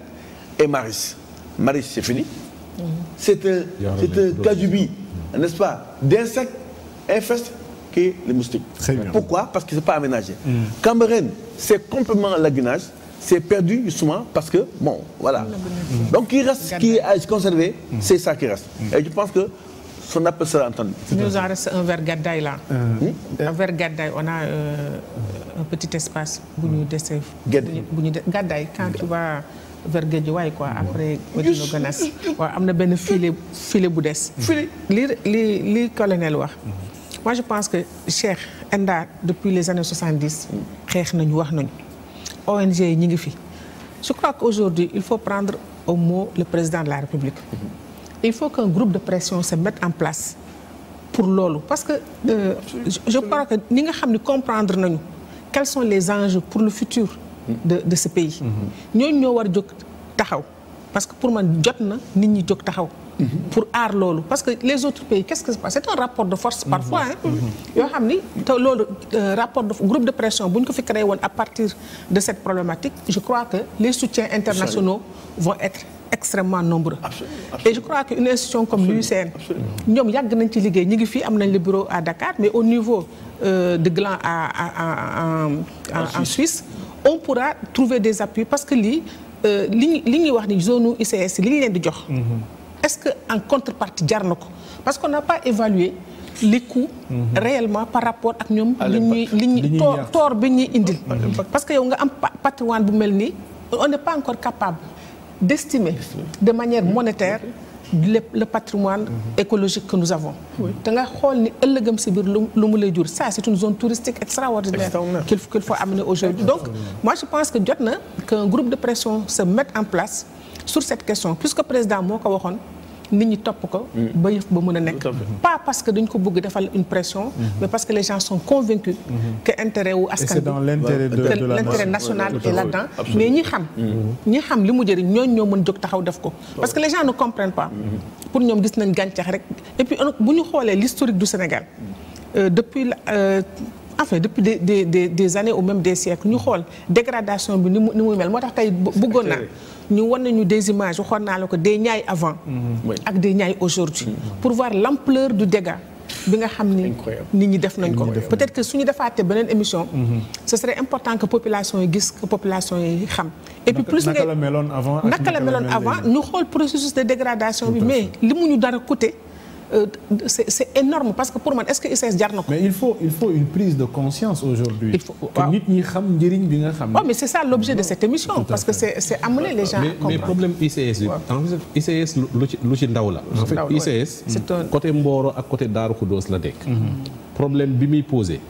et Maris Maris c'est fini mm-hmm. c'est un c'est un cadubi nest pas d'insectes infestent que les moustiques pourquoi parce que c'est pas aménagé mm. Cambérène c'est complètement lagunage c'est perdu justement parce que bon voilà donc qui reste qui a conservé c'est ça qui reste et je pense que son appel sera entendu nous en reste un vers Gadaye là euh, hmm? euh, un vers Gadaye on a euh, un petit espace bu ñu dese bu ñu Gadaye quand tu vas vers Guédiawaye quoi après Odilo Ganas waaw am na benn filet filet bu des li li li colonel wax moi je pense que Cheikh Enda depuis les années 70 xeex nañu wax nañu ONG yi ñu ngi fi je crois qu'aujourd'hui il faut prendre au mot le président de la République mm-hmm. il faut qu'un groupe de pression se mette en place pour loolu parce que euh, je, je que ñi nga xam ne comprendre nañu quels sont les enjeux pour le futur mm-hmm. de de ce pays mm-hmm. ñooñu ñoo war jóg taxaw parce que pour man jot na nit ñi jóg taxaw pour aar loolu parce que les autres pays qu'est-ce qui se passe c'est un rapport de force parfois yoo xam ni te loolu euh, rapport de groupe de pression bu ñu ko fi créé woon à partir de cette problématique je crois que les soutiens internationaux vont être extrêmement nombreux absolument, absolument. et je crois qu'une institution comme l'UICN ñoom yàgg nañ ci liggéey ñi ngi fii am nañ le bureau à Dakar mais au niveau euh, de Gland à, à, à, en, en, en Suisse on pourra trouver des appuis parce que lii euh, li li ñuy wax ni zone u ICS li leen di jox mm-hmm. est-ce que en contrepartie jar na ko parce qu'on n'a pas évalué les coûts mhm. réellement par rapport ak ñoom li ñuy li ñuy toor bi ñuy indil mhm. parce que yow nga am patrimoine bu mel nii on n'est pas encore capable d'estimer de manière mhm. monétaire le le patrimoine écologique que nous avons te nga xool ni ëllëgam si biir lu lu mu lay jur ça c'est une zone touristique extraordinaire qu'il faut amener aujourd'hui donc moi je pense que jot na qu'un groupe de pression en place sur cette question puisque président moo ko waxoon nit ñi topp ko. Mm. ba yëf ba mën a nekk. Mm-hmm. pas parce que dañ ko bugg defal une pression. Mm-hmm. mais parce que les gens sont convaincus. Mm-hmm. que intérêt wu askan bi et c'est dans l'intérêt la l'intérêt national est mais ñi xam. ñi xam li mu jëriñ ñooñ ñoo mën jóg taxaw def ko. parce que les gens ne comprennent pas. pour ñoom gis nañ gàncax rek et puis bu ñu xoolee l'historique du Sénégal euh, depuis la. Euh, enfin depuis des des des années ou même des siècles ñu xool dégradation bi ni mu ni muy moo tax tey bëggoon naa. ñu wan nañu des images waxoon naa la ko des Niayes avant. Mm-hmm. ak des Niayes aujourd'hui mm-hmm. pour voir l'ampleur du dégât. bi nga xam ni nit ñi def nañ ko peut-être que suñu defaatee beneen émission mm-hmm. ce serait important que population yi gis que population yi xam et puis plus naka la meloon avant ñu xool processus de dégradation bi mais li mu ñu dara côté Euh, c'est c'est énorme parce que pour man est-ce que ICS jar na ko. il faut une prise de conscience aujourd'hui nit ñi xam njëriñ bi nga xam. waaw oh, mais c'est ça l'objet de lu ci ndaw la. en fait ICS. côté Mboro ak côté Darou la nekk. Mhm. problème bi muy posé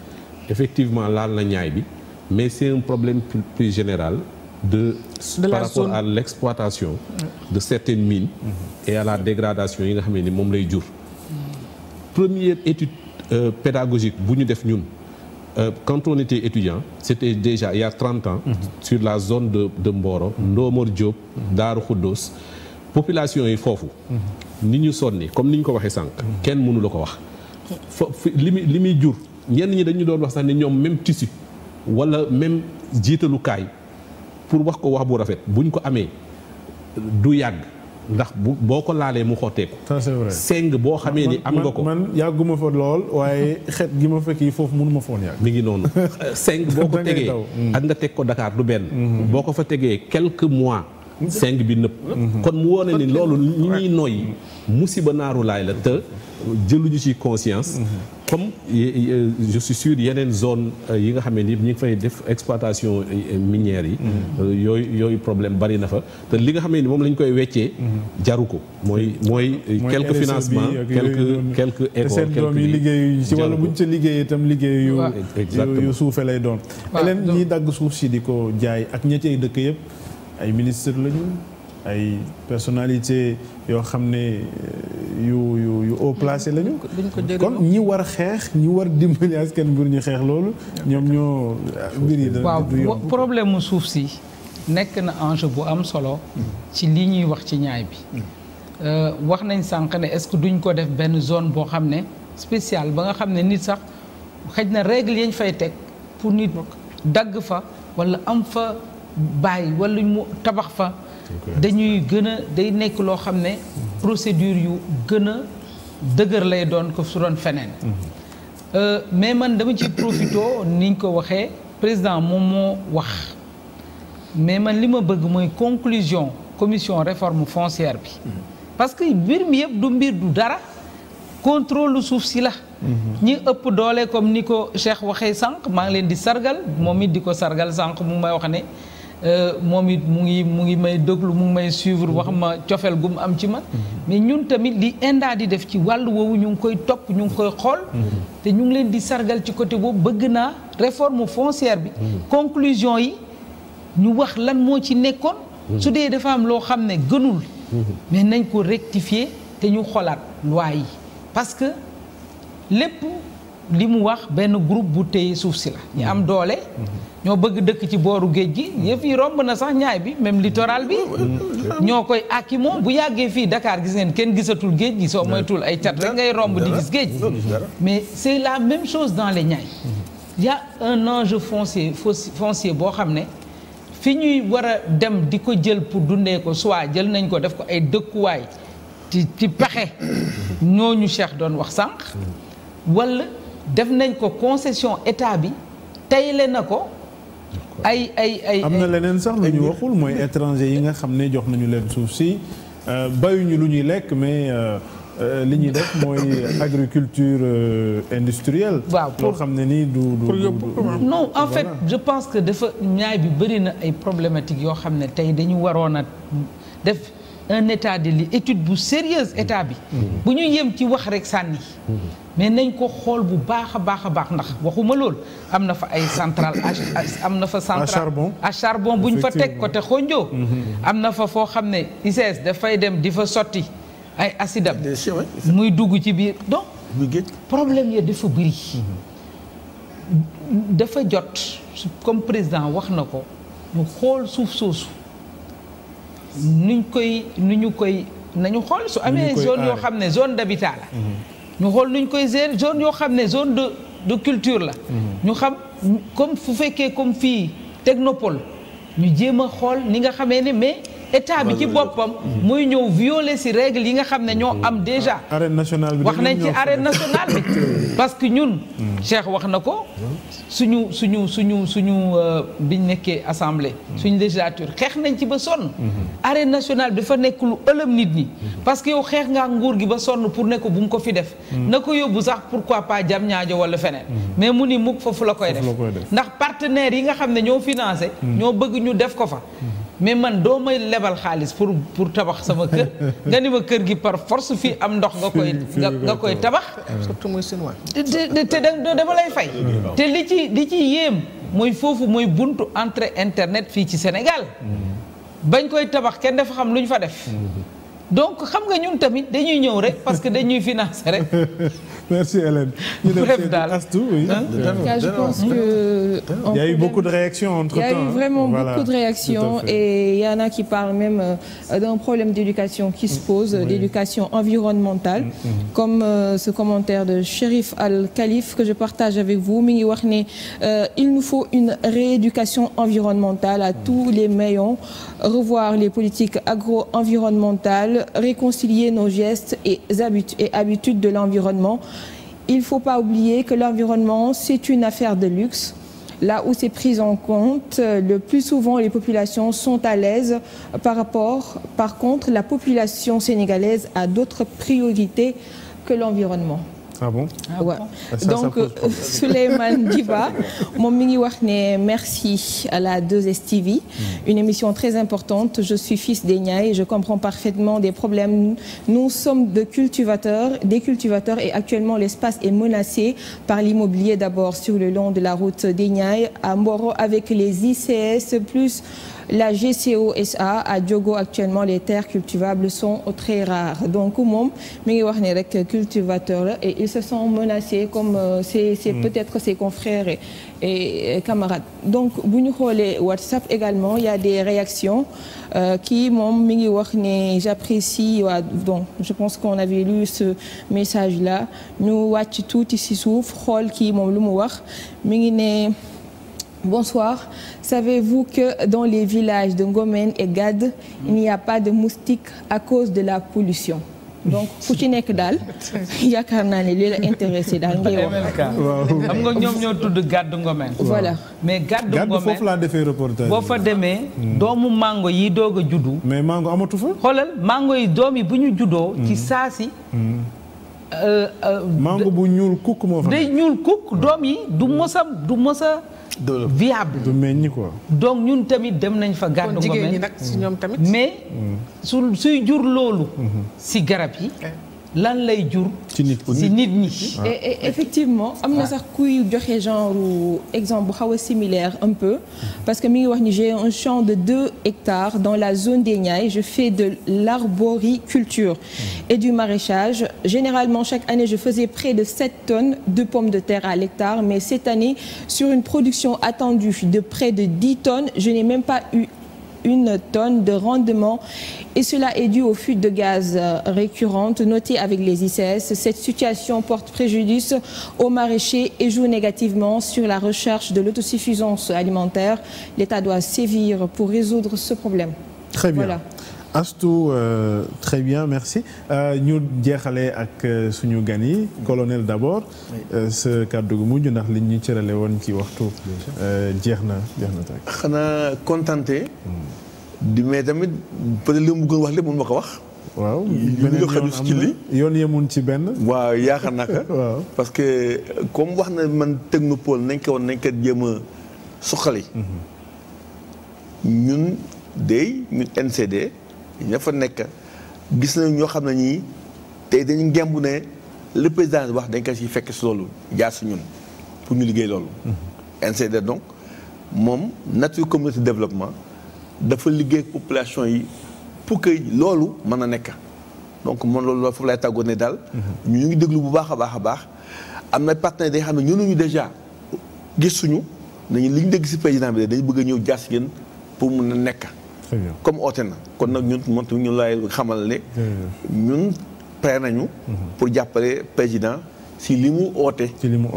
effectivement laal na ñaay bi mais c'est un problème plus général. de, de par rapport zone. à l'exploitation de certaines mines mm et à la dégradation yi nga xam ne ni moom lay jur première étude euh, pédagogique bu ñu def ñun euh, quand on était étudiant c'était déjà ya trente a ans mhm. sur la zone de de Mboro Ndomor Diop mhm. Daaru Xuddoos population yi foofu mhm. ni ñu sonni comme ni ñu ko waxee sànq kenn mënu la ko wax foofu li muy li muy jur ñenn ñi dañu doon wax sax ñoom même tissu wala même jiitalukaay pour wax ko wax bu rafet buñ ko amee du yàgg ndax bu boo ko laalee mu xotteeku. ça c'est vrai seng boo xamee ni am nga ko man yàgguma fa lool waaye xet gi ma fekk yi foofu munuma foon yàgg. mi ngi noonu seng boo ko tegee mm. ak nga teg ko Dakar du benn. Mm-hmm. boo ko fa tegee quelques mois. seng bi nëpp kon mu wone ni loolu ñi ñuy noyyi musiba naaru laay la te jëluñu ci conscience comme euh, je suis yeneen zone euh, yi nga xam ne ni ñu ngi fay def exploitation euh, minière yi yooyu yooyu problème bari na fa te li nga xam ne ni moom la ñu koy weccee jaru ko mooy mooy quelque e financement quelque quelque école seen doom yi liggéeyu walla wala buñ ca liggéeyee tam liggéey yu suufe lay doon eleen ñiy dagg suuf si di ko jaay ak ña cay dëkk yëpp ay ministre lañu ay personnalité yoo xam ne euh, yu yu yu haut placé lañu. kon ñi war xeex ñi war dimbali askan mbir ñu xeex loolu. ñoom ñoo mbir yi da du yomb waaw problème mu suuf si nekk na enjeu bu am solo. ci li ñuy wax ci ñaay bi. Mm. Euh, wax nañ sànq ne est-ce que duñ ko def benn zone boo xam ne spéciale ba nga xam ne nit sax xëj na règle yañ fay teg pour nit dagg fa walla am fa. bàyyi wala mu tabax fa dañuy gën a day nekk loo xam ne procédure yu gën a dëgër lay doon ko su doon feneen mhm. euh, mais man dama ci profito niñ ko waxee président moom moo wax mais man li ma bëgg mooy conclusion commission réforme foncière bi mhm. parce que mbir mi yëpp du mbir du dara contrôle suuf si la mhm. ñi ëpp doole comme ni ko Cheikh waxee sànq maa ngi leen di sargal moom it di ko sargal sànq mu may wax ne Euh, moom it mu ngi mu ngi may déglu mu ngi may suivre wax ma cofeel gu mu am ci ma mais ñun tamit li indaa di def ci wàll woowu ñu ngi koy topp ñu ngi koy xool te ñu ngi leen di sargal ci côté boobu bëgg naa réforme foncière bi conclusion yi ñu wax lan moo ci nekkoon su dee dafa am loo xam ne gënul mais nañ ko rectifier te ñu xoolaat loi yi parce que lépp li mu wax benn groupe bu tey suuf si la ñu am doole ñoo bëgg dëkk ci booru géej gi yëf yi romb na sax ñaay bi même littoral bi ñoo koy akimo bu yàggee fii dakaar gis ngeen kenn gisatul géej gi soo moytul ay cat rek ngay romb di gis géej mais c'est la même chose dans les Niayes il y a un enjeu foncier foncier boo xam ne fi ñuy war a dem di ko jël pour dundee ko soit jël nañ ko def ko ay dëkkuwaay ci ci pexe ñooñu Cheikh doon wax sànq wala def nañ ko concession état bi tayle na ko ay ay ay am na leneen sax lu ñu waxul mooy étranger yi nga xam ne jox nañu leen suuf si euh, bayuñu lu ñuy lekk mais euh, euh, li ñuy def mooy agriculture industrielle. waaw loo xam ne nii du du non en fait je pense que dafa ñaay bi bëri na ay problématiques yoo xam ne tey dañu waroon a def. un état de li étude bu sérieuse état bi bu ñu yem ci wax rek sànni mais nañ ko xool bu baax a baax a baax ndax waxuma lool am na fa ay centrale am na fa centrale à charbon bu ñu fa teg côté xonjoo mm-hmm. am na fa foo xam ne ICS dafay dem di fa sotti ay acidam muy dugg ci biir donc problème ya dafa bëri dafa jot comme président wax na ko ñu xool suuf soosu nuñ koy nu ñu koy nañu xool su amee zone yoo xam ne zone d'habitat la mhm. ñu xool nuñ koy gérer zone yoo xam ne zone de de culture la mhm. ñu xam comme fu fekkee comme fii technopole ñu jéem a xool ni nga xamee ne mais état bi ci boppam. muy ñëw violer si règle yi nga xam ne ñoo am déjà. Ah. arène nationale bi wax nañ ci arène nationale parce que ñun. Cheikh wax na ko. suñu suñu suñu suñu euh, biñ nekkee assemblée. suñu législature xeex nañ ci ba sonn. Mm-hmm. arène national bi dafa nekk lu ëlëm nit ñi. Mm-hmm. parce que yow xeex ngaa nguur gi ba sonn pour ne ko bu mu ko fi def. Mm-hmm. na ko yóbbu sax pourquoi pas jam ñaajo wala feneen. mais mu ni mukk foofu la koy def. ndax partenaires yi nga xam ne ñoo financé. ñoo bëgg ñu def ko fa. mais man doo may lebal xaalis pour pour tabax sama kër nga ni ma kër gi par force fii am ndox nga koy nga koy tabax surtout muy chinois te dama lay fay te li ci li ci yéem mooy foofu mooy buntu entrée internet fii ci Sénégal mm-hmm. bañ koy tabax kenn dafa xam lu ñu fa def mm-hmm. donc xam nga ñun tamit dañuy ñëw rek parce que dañuy financer rek. merci Hélène. ñu def daal Astou oui. je pense que. il y a eu beaucoup de réactions entre temps. et euh, qui se pose d'éducation environnementale. Mm, mm, mm. comme euh, ce commentaire de Chérif Al Khalif que je partage avec vous mi ngi wax ne euh, il nous faut une rééducation environnementale à tous les maillons revoir les politiques agro-environnementales. ensemble réconcilier nos gestes et habitudes de l'environnement. Il ne faut pas oublier que l'environnement, c'est une affaire de luxe. Là où c'est pris en compte, le plus souvent les populations sont à l'aise par rapport. Par contre, la population sénégalaise a d'autres priorités que l'environnement. ah bon ah ouais. Ah, ça, donc euh, Souleymane Diba moom mi ngi wax ne merci à la 2STV. Hmm. une émission très importante je suis fils des Niayes je comprends parfaitement des problèmes nous sommes de cultivateurs des cultivateurs et actuellement l'espace est menacé par l'immobilier d'abord sur le long de la route des Niayes à Mboro avec les ICS plus la GCOSA à Diogo actuellement les terres cultivables sont très rares donc moom mi ngi wax ni rek cultivateur la et ils se sont menacés comme euh, c'est c'est hmm. peut-être ses confrères et camarades donc bu ñu xoolee WhatsApp également il y a des réactions kii euh, moom mi ngi wax ne j'apprécie waa donc je pense qu'on avait lu ce message là ñu wàcc tuuti ci suuf xool kii moom lu mu wax mi ngi ne Bonsoir. Savez-vous que dans les villages de Ngomen et Gade, il n'y a pas de moustiques à cause de la pollution? donc ku ci nekk daal yaakaar naa ne lii la intéressé daal ngay wax. xam nga ñoom ñoo tudd gàddu ngomeen. mais gàddu ngomeen gàddu boo fa demee hmm. doomu mango yi doog a juddu. mais mango amatu fa. xoolal mango yi doom yi bu ñu juddoo. Hmm. ci saasi. Hmm. Euh, euh, mango bu ñuul kukk moo fa. ñuul kukk doom yi du mos a du mos viable du meññ quoi. donc ñun tamit dem nañ fa. gàddu ngomeen kon jigéen ñi nag ñoom tamit. mais su suy jur loolu. Mm-hmm. si garab yi. Eh. lan lay jur. ci nit nit ñi. Ah. effectivement am na ah. sax kuy joxe genre exemple bu xaw a similaire un peu. parce que mi ngi wax ni j'ai un champ de deux hectares dans la zone des Niayes je fais de l'arboriculture hmm. et du maraîchage généralement chaque année je faisais près de sept tonnes de pommes de terre à l'hectare mais cette année sur une production attendue de près de dix tonnes je n'ai même pas eu une tonne de rendement et cela est dû aux fuites de gaz euh, récurrentes notées avec les ICS. Cette situation porte préjudice aux maraîchers et joue négativement sur la recherche de l'autosuffisance alimentaire. L'État doit sévir pour résoudre ce problème. Très bien. Astou euh, très bien merci euh, ñu jeexale ak euh, suñu gan yi colonel d'abord euh, sa kàddu gu mujj ndax liñ ñu cërale woon ci waxtu jeex na jeex na tey xanaa contenté hmm. di mais tamit peut-être li mu bëggoon wax lépp mun ma ko wax waaw yoon ci li yoon yemun ci benn. waaw yaakaar naa ko. waaw parce que comme wax na man technopole nañ ko woon nañ ko jéem a suqali. Hmm. ñun day ñun NCD. ña fa nekk gis nañ ñoo xam ne ñii tey dañu ngemb ne le président wax dañ ko si fekk si loolu jaar si ñun pour ñu liggéey loolu. in mhm. NCD donc moom nature communauté développement dafa liggéey population yi pour que loolu mën na nekk donc man loolu loolu foofu lay tàggoo ne daal. Mhm. ñu ngi déglu bu baax a baax a baax am na partenaires day xam ne ñooñu déjà gis suñu nañu li ñu dégg si président bi dañu bëgg a ñëw jaar si yéen pour mun na nekk. comme oote na kon nag ñun moom tamit ñun laay xamal ne ñun pare nañu pour jàppale président si li mu oote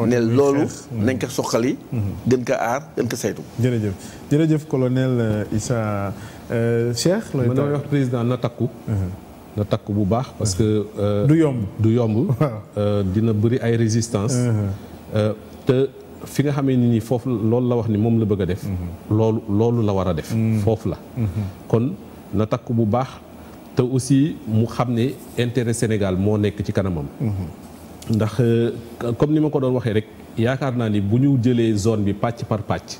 ne loolu nañ ko soxali mhm. gën ko aar gën ko saytu jërëjëf jërëjëf colonel euh, Issa euh, Cheikh mën naa wax président na takku mhm. na takk bu baax parce que euh, du yomb du yomb dina bëri ay résistance mhm. te fi nga xamee ni nii foofu loolu la wax ni moom la bëgg a def mhm. loolu loolu la war a def mhm. foofu la mhm. kon na takk bu baax te aussi mu xam ne intérêt Sénégal moo nekk ci kanamam ndax euh, comme ni ma ko doon waxee rek yaakaar naa ni bu ñu jëlee zone bi pàcc par pàcc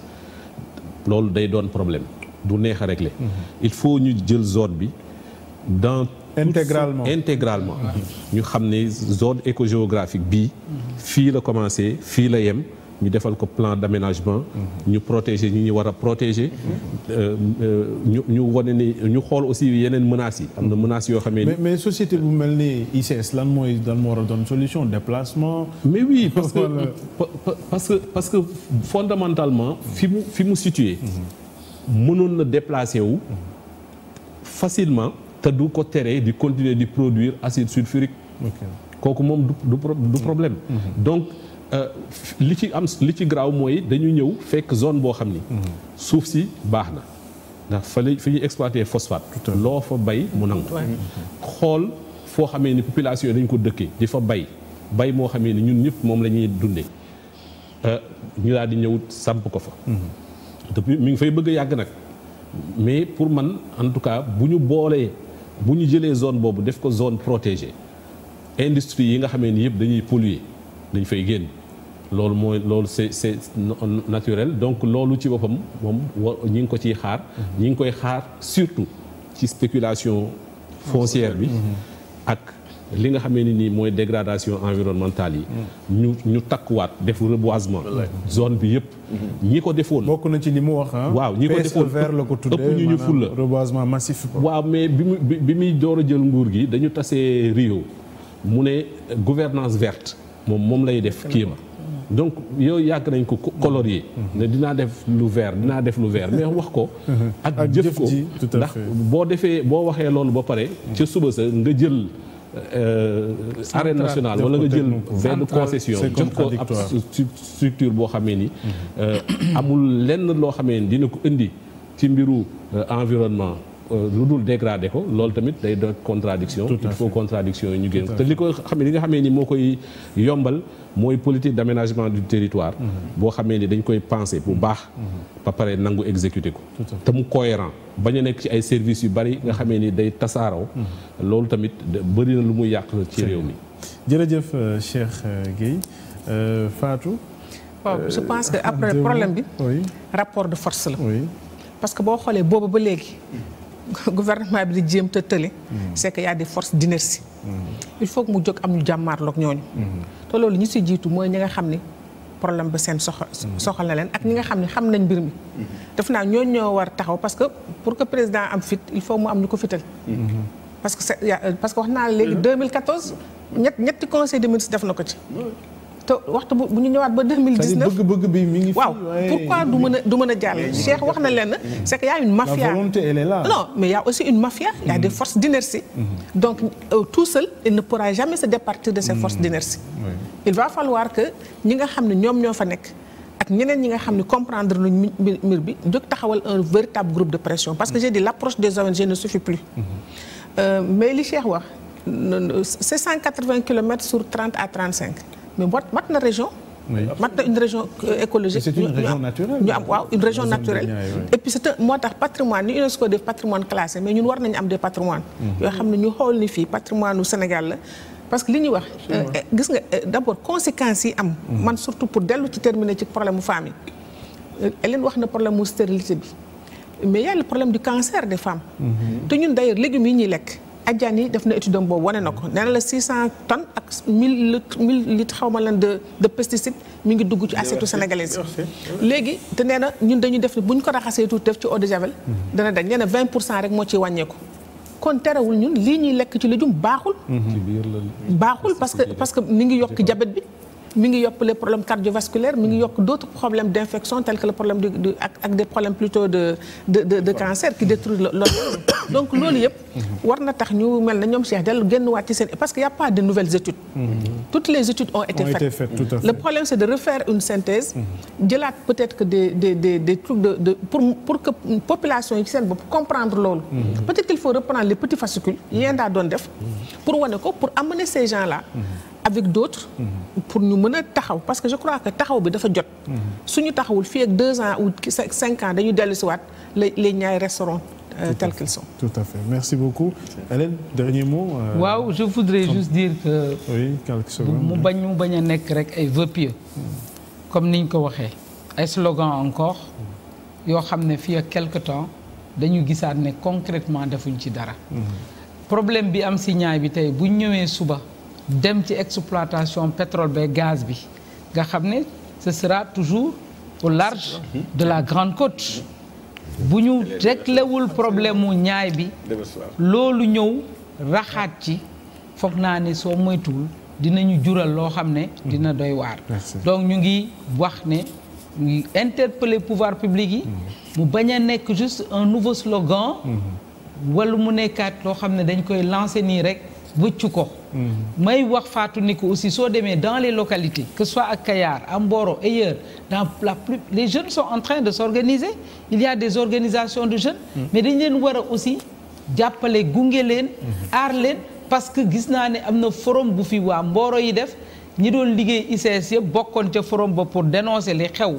loolu day doon problème du neex rek régler il faut ñu jël zone bi dans intégralement intégralement ñu xam ne zone écogéographique bii fii la commencé fii la yem ñu defal ko plan d'aménagement. ñu protéger ñu ñu war a protéger. Euh, euh, ñu ñu wane ni ñu xool aussi yeneen menaces yi. am na menaces yoo xam ne mais mais société bu mel ni ICS lan mooy lan moo war a doon solution déplacement. mais oui parce que parce que parce que fondamentalement fi mu fi mu situé. mënoon na déplacé wu facilement te du ko tere di continuer di produire acide sulfurique. kooku moom du problème. Mm-hmm. Euh, li ci am li ci garaaw mooy dañu ñëw fekk zone boo xam ni. suuf si baax na ndax fa la fi ñu exploité phosphate. loo fa bay mu nangu. Mm-hmm. xool foo xamee ni population yi dañu ko dëkkee di fa bay bay moo xamee ni ñun ñëpp moom la ñuy dundee euh, ñu daal di ñëw samp ko fa. mu mm-hmm. ngi fay bëgg yàgg nag mais pour man en tout cas bu ñu boolee bu ñu jëlee zone boobu def ko zone protégée industrie yi nga xamee ni yëpp dañuy polluer dañ fay génn. loolu mooy loolu c'est c'est naturel donc loolu ci boppam moom wa ñi ngi ko ciy xaar ñi ngi koy xaar surtout ci spéculation foncière bi ak li nga xamee ni nii mooy dégradation environnementale yi ñu ñu takkuwaat def reboisement zone bi yëpp ñi ko defoon bokk na ci li mu wax waaw ñi ko defoon vert la ko tuddee ëpp ñu ñu fulla reboisement massif waaw mais bi mu bi muy door a jël nguur gi dañu tasee Rio mu ne gouvernance vert moom moom lay def kii ma donc yow yàgg nañ ko colorier ne dinaa def lu vert dinaa def lu vert mais wax ko ak jëf ko ndax boo defee boo waxee loolu ba pare ca suba sa nga jël euh, arène nationale wala nga jël benn concession jox ko ab structure boo xamee ni euh, amul lenn loo xamee ni dina ko indi ci mbiru euh, environnement lu dul dégradé ko loolu tamit day doon contradiction il faut contradiction yi ñu génn te li ko xamee li nga xamee ni moo koy yombal mooy politique d'aménagement du territoire boo xamee ni dañ koy penser bu baax ba pare nangu exécuter ko te mu cohérent bañ a nekk ci ay services yu bari nga xamee ni day tasaaroo loolu tamit bëri na lu muy yàq ci réew mi jërëjëf euh, Cheikh euh, Gueye euh, Fatou waaw je pense que après problème bi rapport de force la parce que boo xoolee boobu ba léegi gouvernement bi di jéem te tële mhm. c'est que y a des forces d'inertie mhm. il faut que mu jóg am ñu look ñooñu mhm. te loolu ñu si jiitu mooy ñi nga xam ni problème ba seen soxla soxal na leen ak ñi nga xam ne xam nañ mbir mi def naa ñooñ ñoo war taxaw parce que pour que président am fit il faut mu am ñu ko fital parce que parce que wax naa léegi 2014 ñett ñetti conseil des ministres def na ko ci te waxtu bu ñu ñëwaat ba 2019 bëgg-bëgg bi mi ngi fi waaw pourquoi du a du mën a jàll Cheikh wax na leen c'est que y a une mafia la volonté elle est là mais y a aussi une mafia y a mm-hmm. des forces d'inertie mm-hmm. donc euh, tout seul il ne pourra jamais se départir de ces forces mm-hmm. d'inertie il va falloir que ñi nga xam ne ñoom ñoo fa nekk ak ñeneen ñi nga xam ne comprendre nañu mbir bi jóg taxawal un véritable groupe de pression parce que j'ai dit l'approche des ONG ne suffit plus euh, mais li Cheikh wax c'est 180 kilomètres sur 30 à 35 mais mat na région. oui mat na une région euh, écologique. ñu am waaw une région naturelle. et puis c'est moo tax patrimoine ni UNESCO def patrimoine classé mais ñun war nañu am des patrimoines. Mhm. yoo xam ne ñu xool ni fii patrimoine Sénégal la. parce que li ñuy wax euh, gis nga euh, d'abord conséquences yi am mhm. man surtout pour dellu ci terminer ci problème mu femmes yi Hélène wax na problème mu stérilité bi mais yàlla problème du cancer des femmes mhm. te ñun d'ailleurs légumes yi ñuy lekk Adjani def na étude am boobu wane na ko nee na la 600 tonnes ak 1000 litres 1000 xaw ma lan de de pesticide mi ngi dugg ci assiette sénégalaise léegi te nee na ñun dañu def ne bu ko raxasee tuuti def ci eau de javel. Mhm. dana dañ nee na 20 pour cent rek moo ciy wàññeeku. kon terewul ñun lii ñuy lekk ci lëjum baaxul. Mhm. baaxul parce que parce que mi ngi yokk jabet bi. mi ngi yokk les problèmes cardiovasculaires mi ngi yokk d' autres problèmes d' infection que le problème du ak des problèmes plutôt de de cancer qui détruisent l'organisme donc loolu yëpp war na tax ñu mel na ñoom Cheikh dellu génnwaat ci seen parce que y' a pas de nouvelles études toutes les études ont été faites fait. le problème c' est de refaire une synthèse jëlaat peut-être que des des de de pour pour que population yi ci seen bopp comprendre loolu peut-être avec d'autres mhm. pour ñu mën a taxaw parce que je crois que taxaw bi dafa jot mhm. suñu taxawul fii ak deux ans ou cinq ans dañu dellu si waat les ñaari restaurants Euh, tels qu'ils sont. Tout à fait. Merci beaucoup. Hélène, dernier mot. Euh, waaw je voudrais Som... juste dire que. mu bañ mu bañ a nekk rek ay vœux pieux comme niñ ko waxee. ay slogan encore yoo xam ne fii ak quelque temps dañu gisaat ne concrètement defuñ ci dara. Mhm. problème bi am si ñaay bi tey bu ñëwee suba dem ci exploitation pétrole ba gaz bi nga xam ne ce sera toujours au large de la Grande Côte bu ñu réglewul problème mu ñaay bi loolu ñëw raxaat ci foog naa ne soo moytuwul dinañu jural loo xam ne dina doy waar donc ñu ngi wax ne ñu interpeller pouvoir public yi mhm. mu bañ a nekk juste un nouveau slogan mhm. wala mu nekkaat loo xam ne dañ koy lancer nii rek bëccu ko Mm-hmm. may wax Fatou ni ko aussi soo demee dans les localités que ce soit à Kayar à Mboro ailleurs dans la plus les jeunes sont en train de s'organiser il y a des organisations de jeunes mm-hmm. mais dañu leen war a aussi jàppale gunge leen mm-hmm. aar leen parce que gis naa ne am na forum bu fi waa mbooro yi def ñi doon liggéey ICS yëpp bokkoon ca forum ba pour dénoncer li xew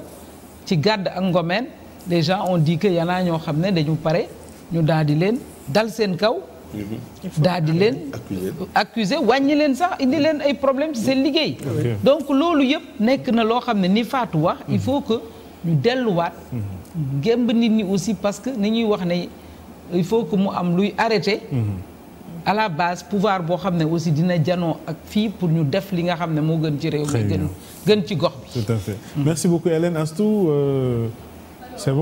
ci gàdd ak ngomeen les gens ont dit yanaa ñoo xam ne dañu pare ñu daal di leen dal seen kaw daal di leen accuser wàññi leen sax indi leen ay problème ci seen liggéey donc loolu yëpp nekk na loo xam ne ni faatu wax il faut que ñu delluwaat gémb nit ñi aussi parce que ni ñuy wax ne il faut que mu am luy arrêté mhm. à la base pouvoir boo xam ne aussi dina janoo ak fii pour ñu def li nga xam ne moo gën ci réew mi gën gën ci gox bi mhm. merci beaucoup Hélène Astou euh, c'est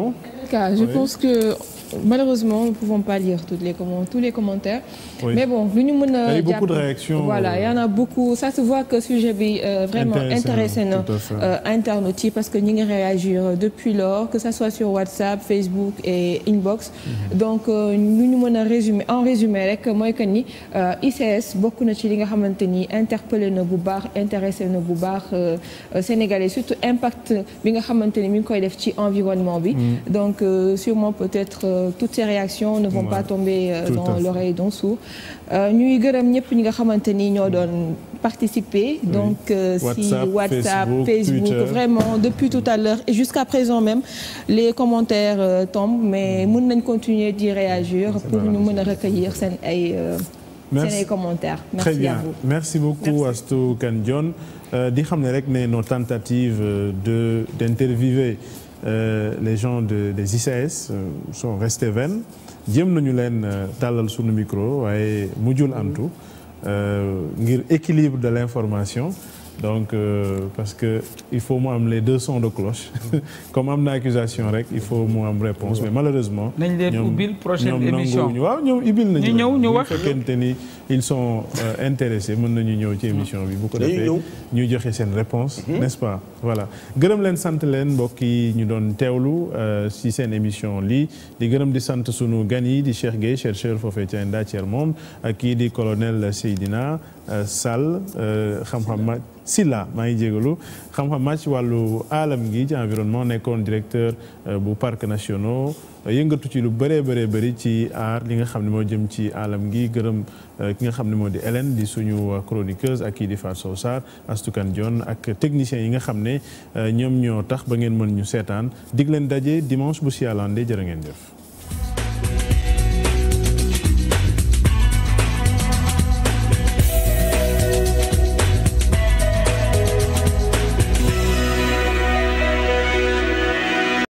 malheureusement nous ne pouvons pas lire toutes les tous les commentaires. mais bon lu ñu voilà y en a euh, beaucoup ça sujet bi. Euh, vraiment euh, parce que ñi ngi réagir euh, depuis lors que ça soit sur WhatsApp Facebook et inbox. Mhm. donc lu ñu mën a résumer en résumé rek mooy que ni ICS bokk na ci li nga xamante ni interpellé na bu baax intéressé na bu baax sénégalais surtout impact bi nga xamante ni mi ngi koy def ci environnement bi. Mhm. peut-être. Euh, toutes ces réactions ne vont pas tomber euh, dans l'oreille d'un euh, gërëm ñëpp ñi nga xamante ni ñoo doon participer donc si WhatsApp Facebook vraiment depuis tout à l'heure et jusqu'à présent même les commentaires tombent mais mën nañ continuer di réagir pour ñu mën recueillir seen ay merci seen merci très bien. à vous merci beaucoup Astou Kane Dione di xam ne rek ne nos tentatives de d'interviewer Euh, les gens de des ICS euh, sont restés vaines jéem nañu leen euh, tàllal sunu micro waaye mu mujjul antu ngir équilibre de l'information donc euh, parce que il faut mu am les deux sons de cloche comme am na accusation rek il faut mu am réponse mais malheureusement. nañ leen ubbil prochaine émission waaw ñoom ubbil nañu. ñu ñu wax fekkente ni. ils sont euh, intéressés mën nañu ñëw ci émission bi bu ko defee ñu joxe seen réponse mhm. n'est-ce pas voilà gërëm leen sant leen mbokk yi ñu doon teewlu euh, si seen émission lii di gërëm di sant sunu gan yi di Cheikh Gueye chercheur foofee ca Nda Tiers Monde ak kii di colonel Seydina euh, sal xam-xam ma Silla maa ngi jégalu xam-xam màcc wàllu aalam gi ci environnement nekkoon directeur bu parc nationaux yëngatu ci lu bëree bëree bëri ci aar li nga xam ne moo jëm ci alam gi gërëm euh, ki nga xam ne moo di Hélène di suñu euh, chroniqueuse ak kii di Fatou Sow Sarr Astukan ak techniciens yi nga xam ne euh, ñoom ñoo tax ba ngeen mën ñu seetaan dig leen daje dimanche bu si yàlla andee jërë ngeen jëf.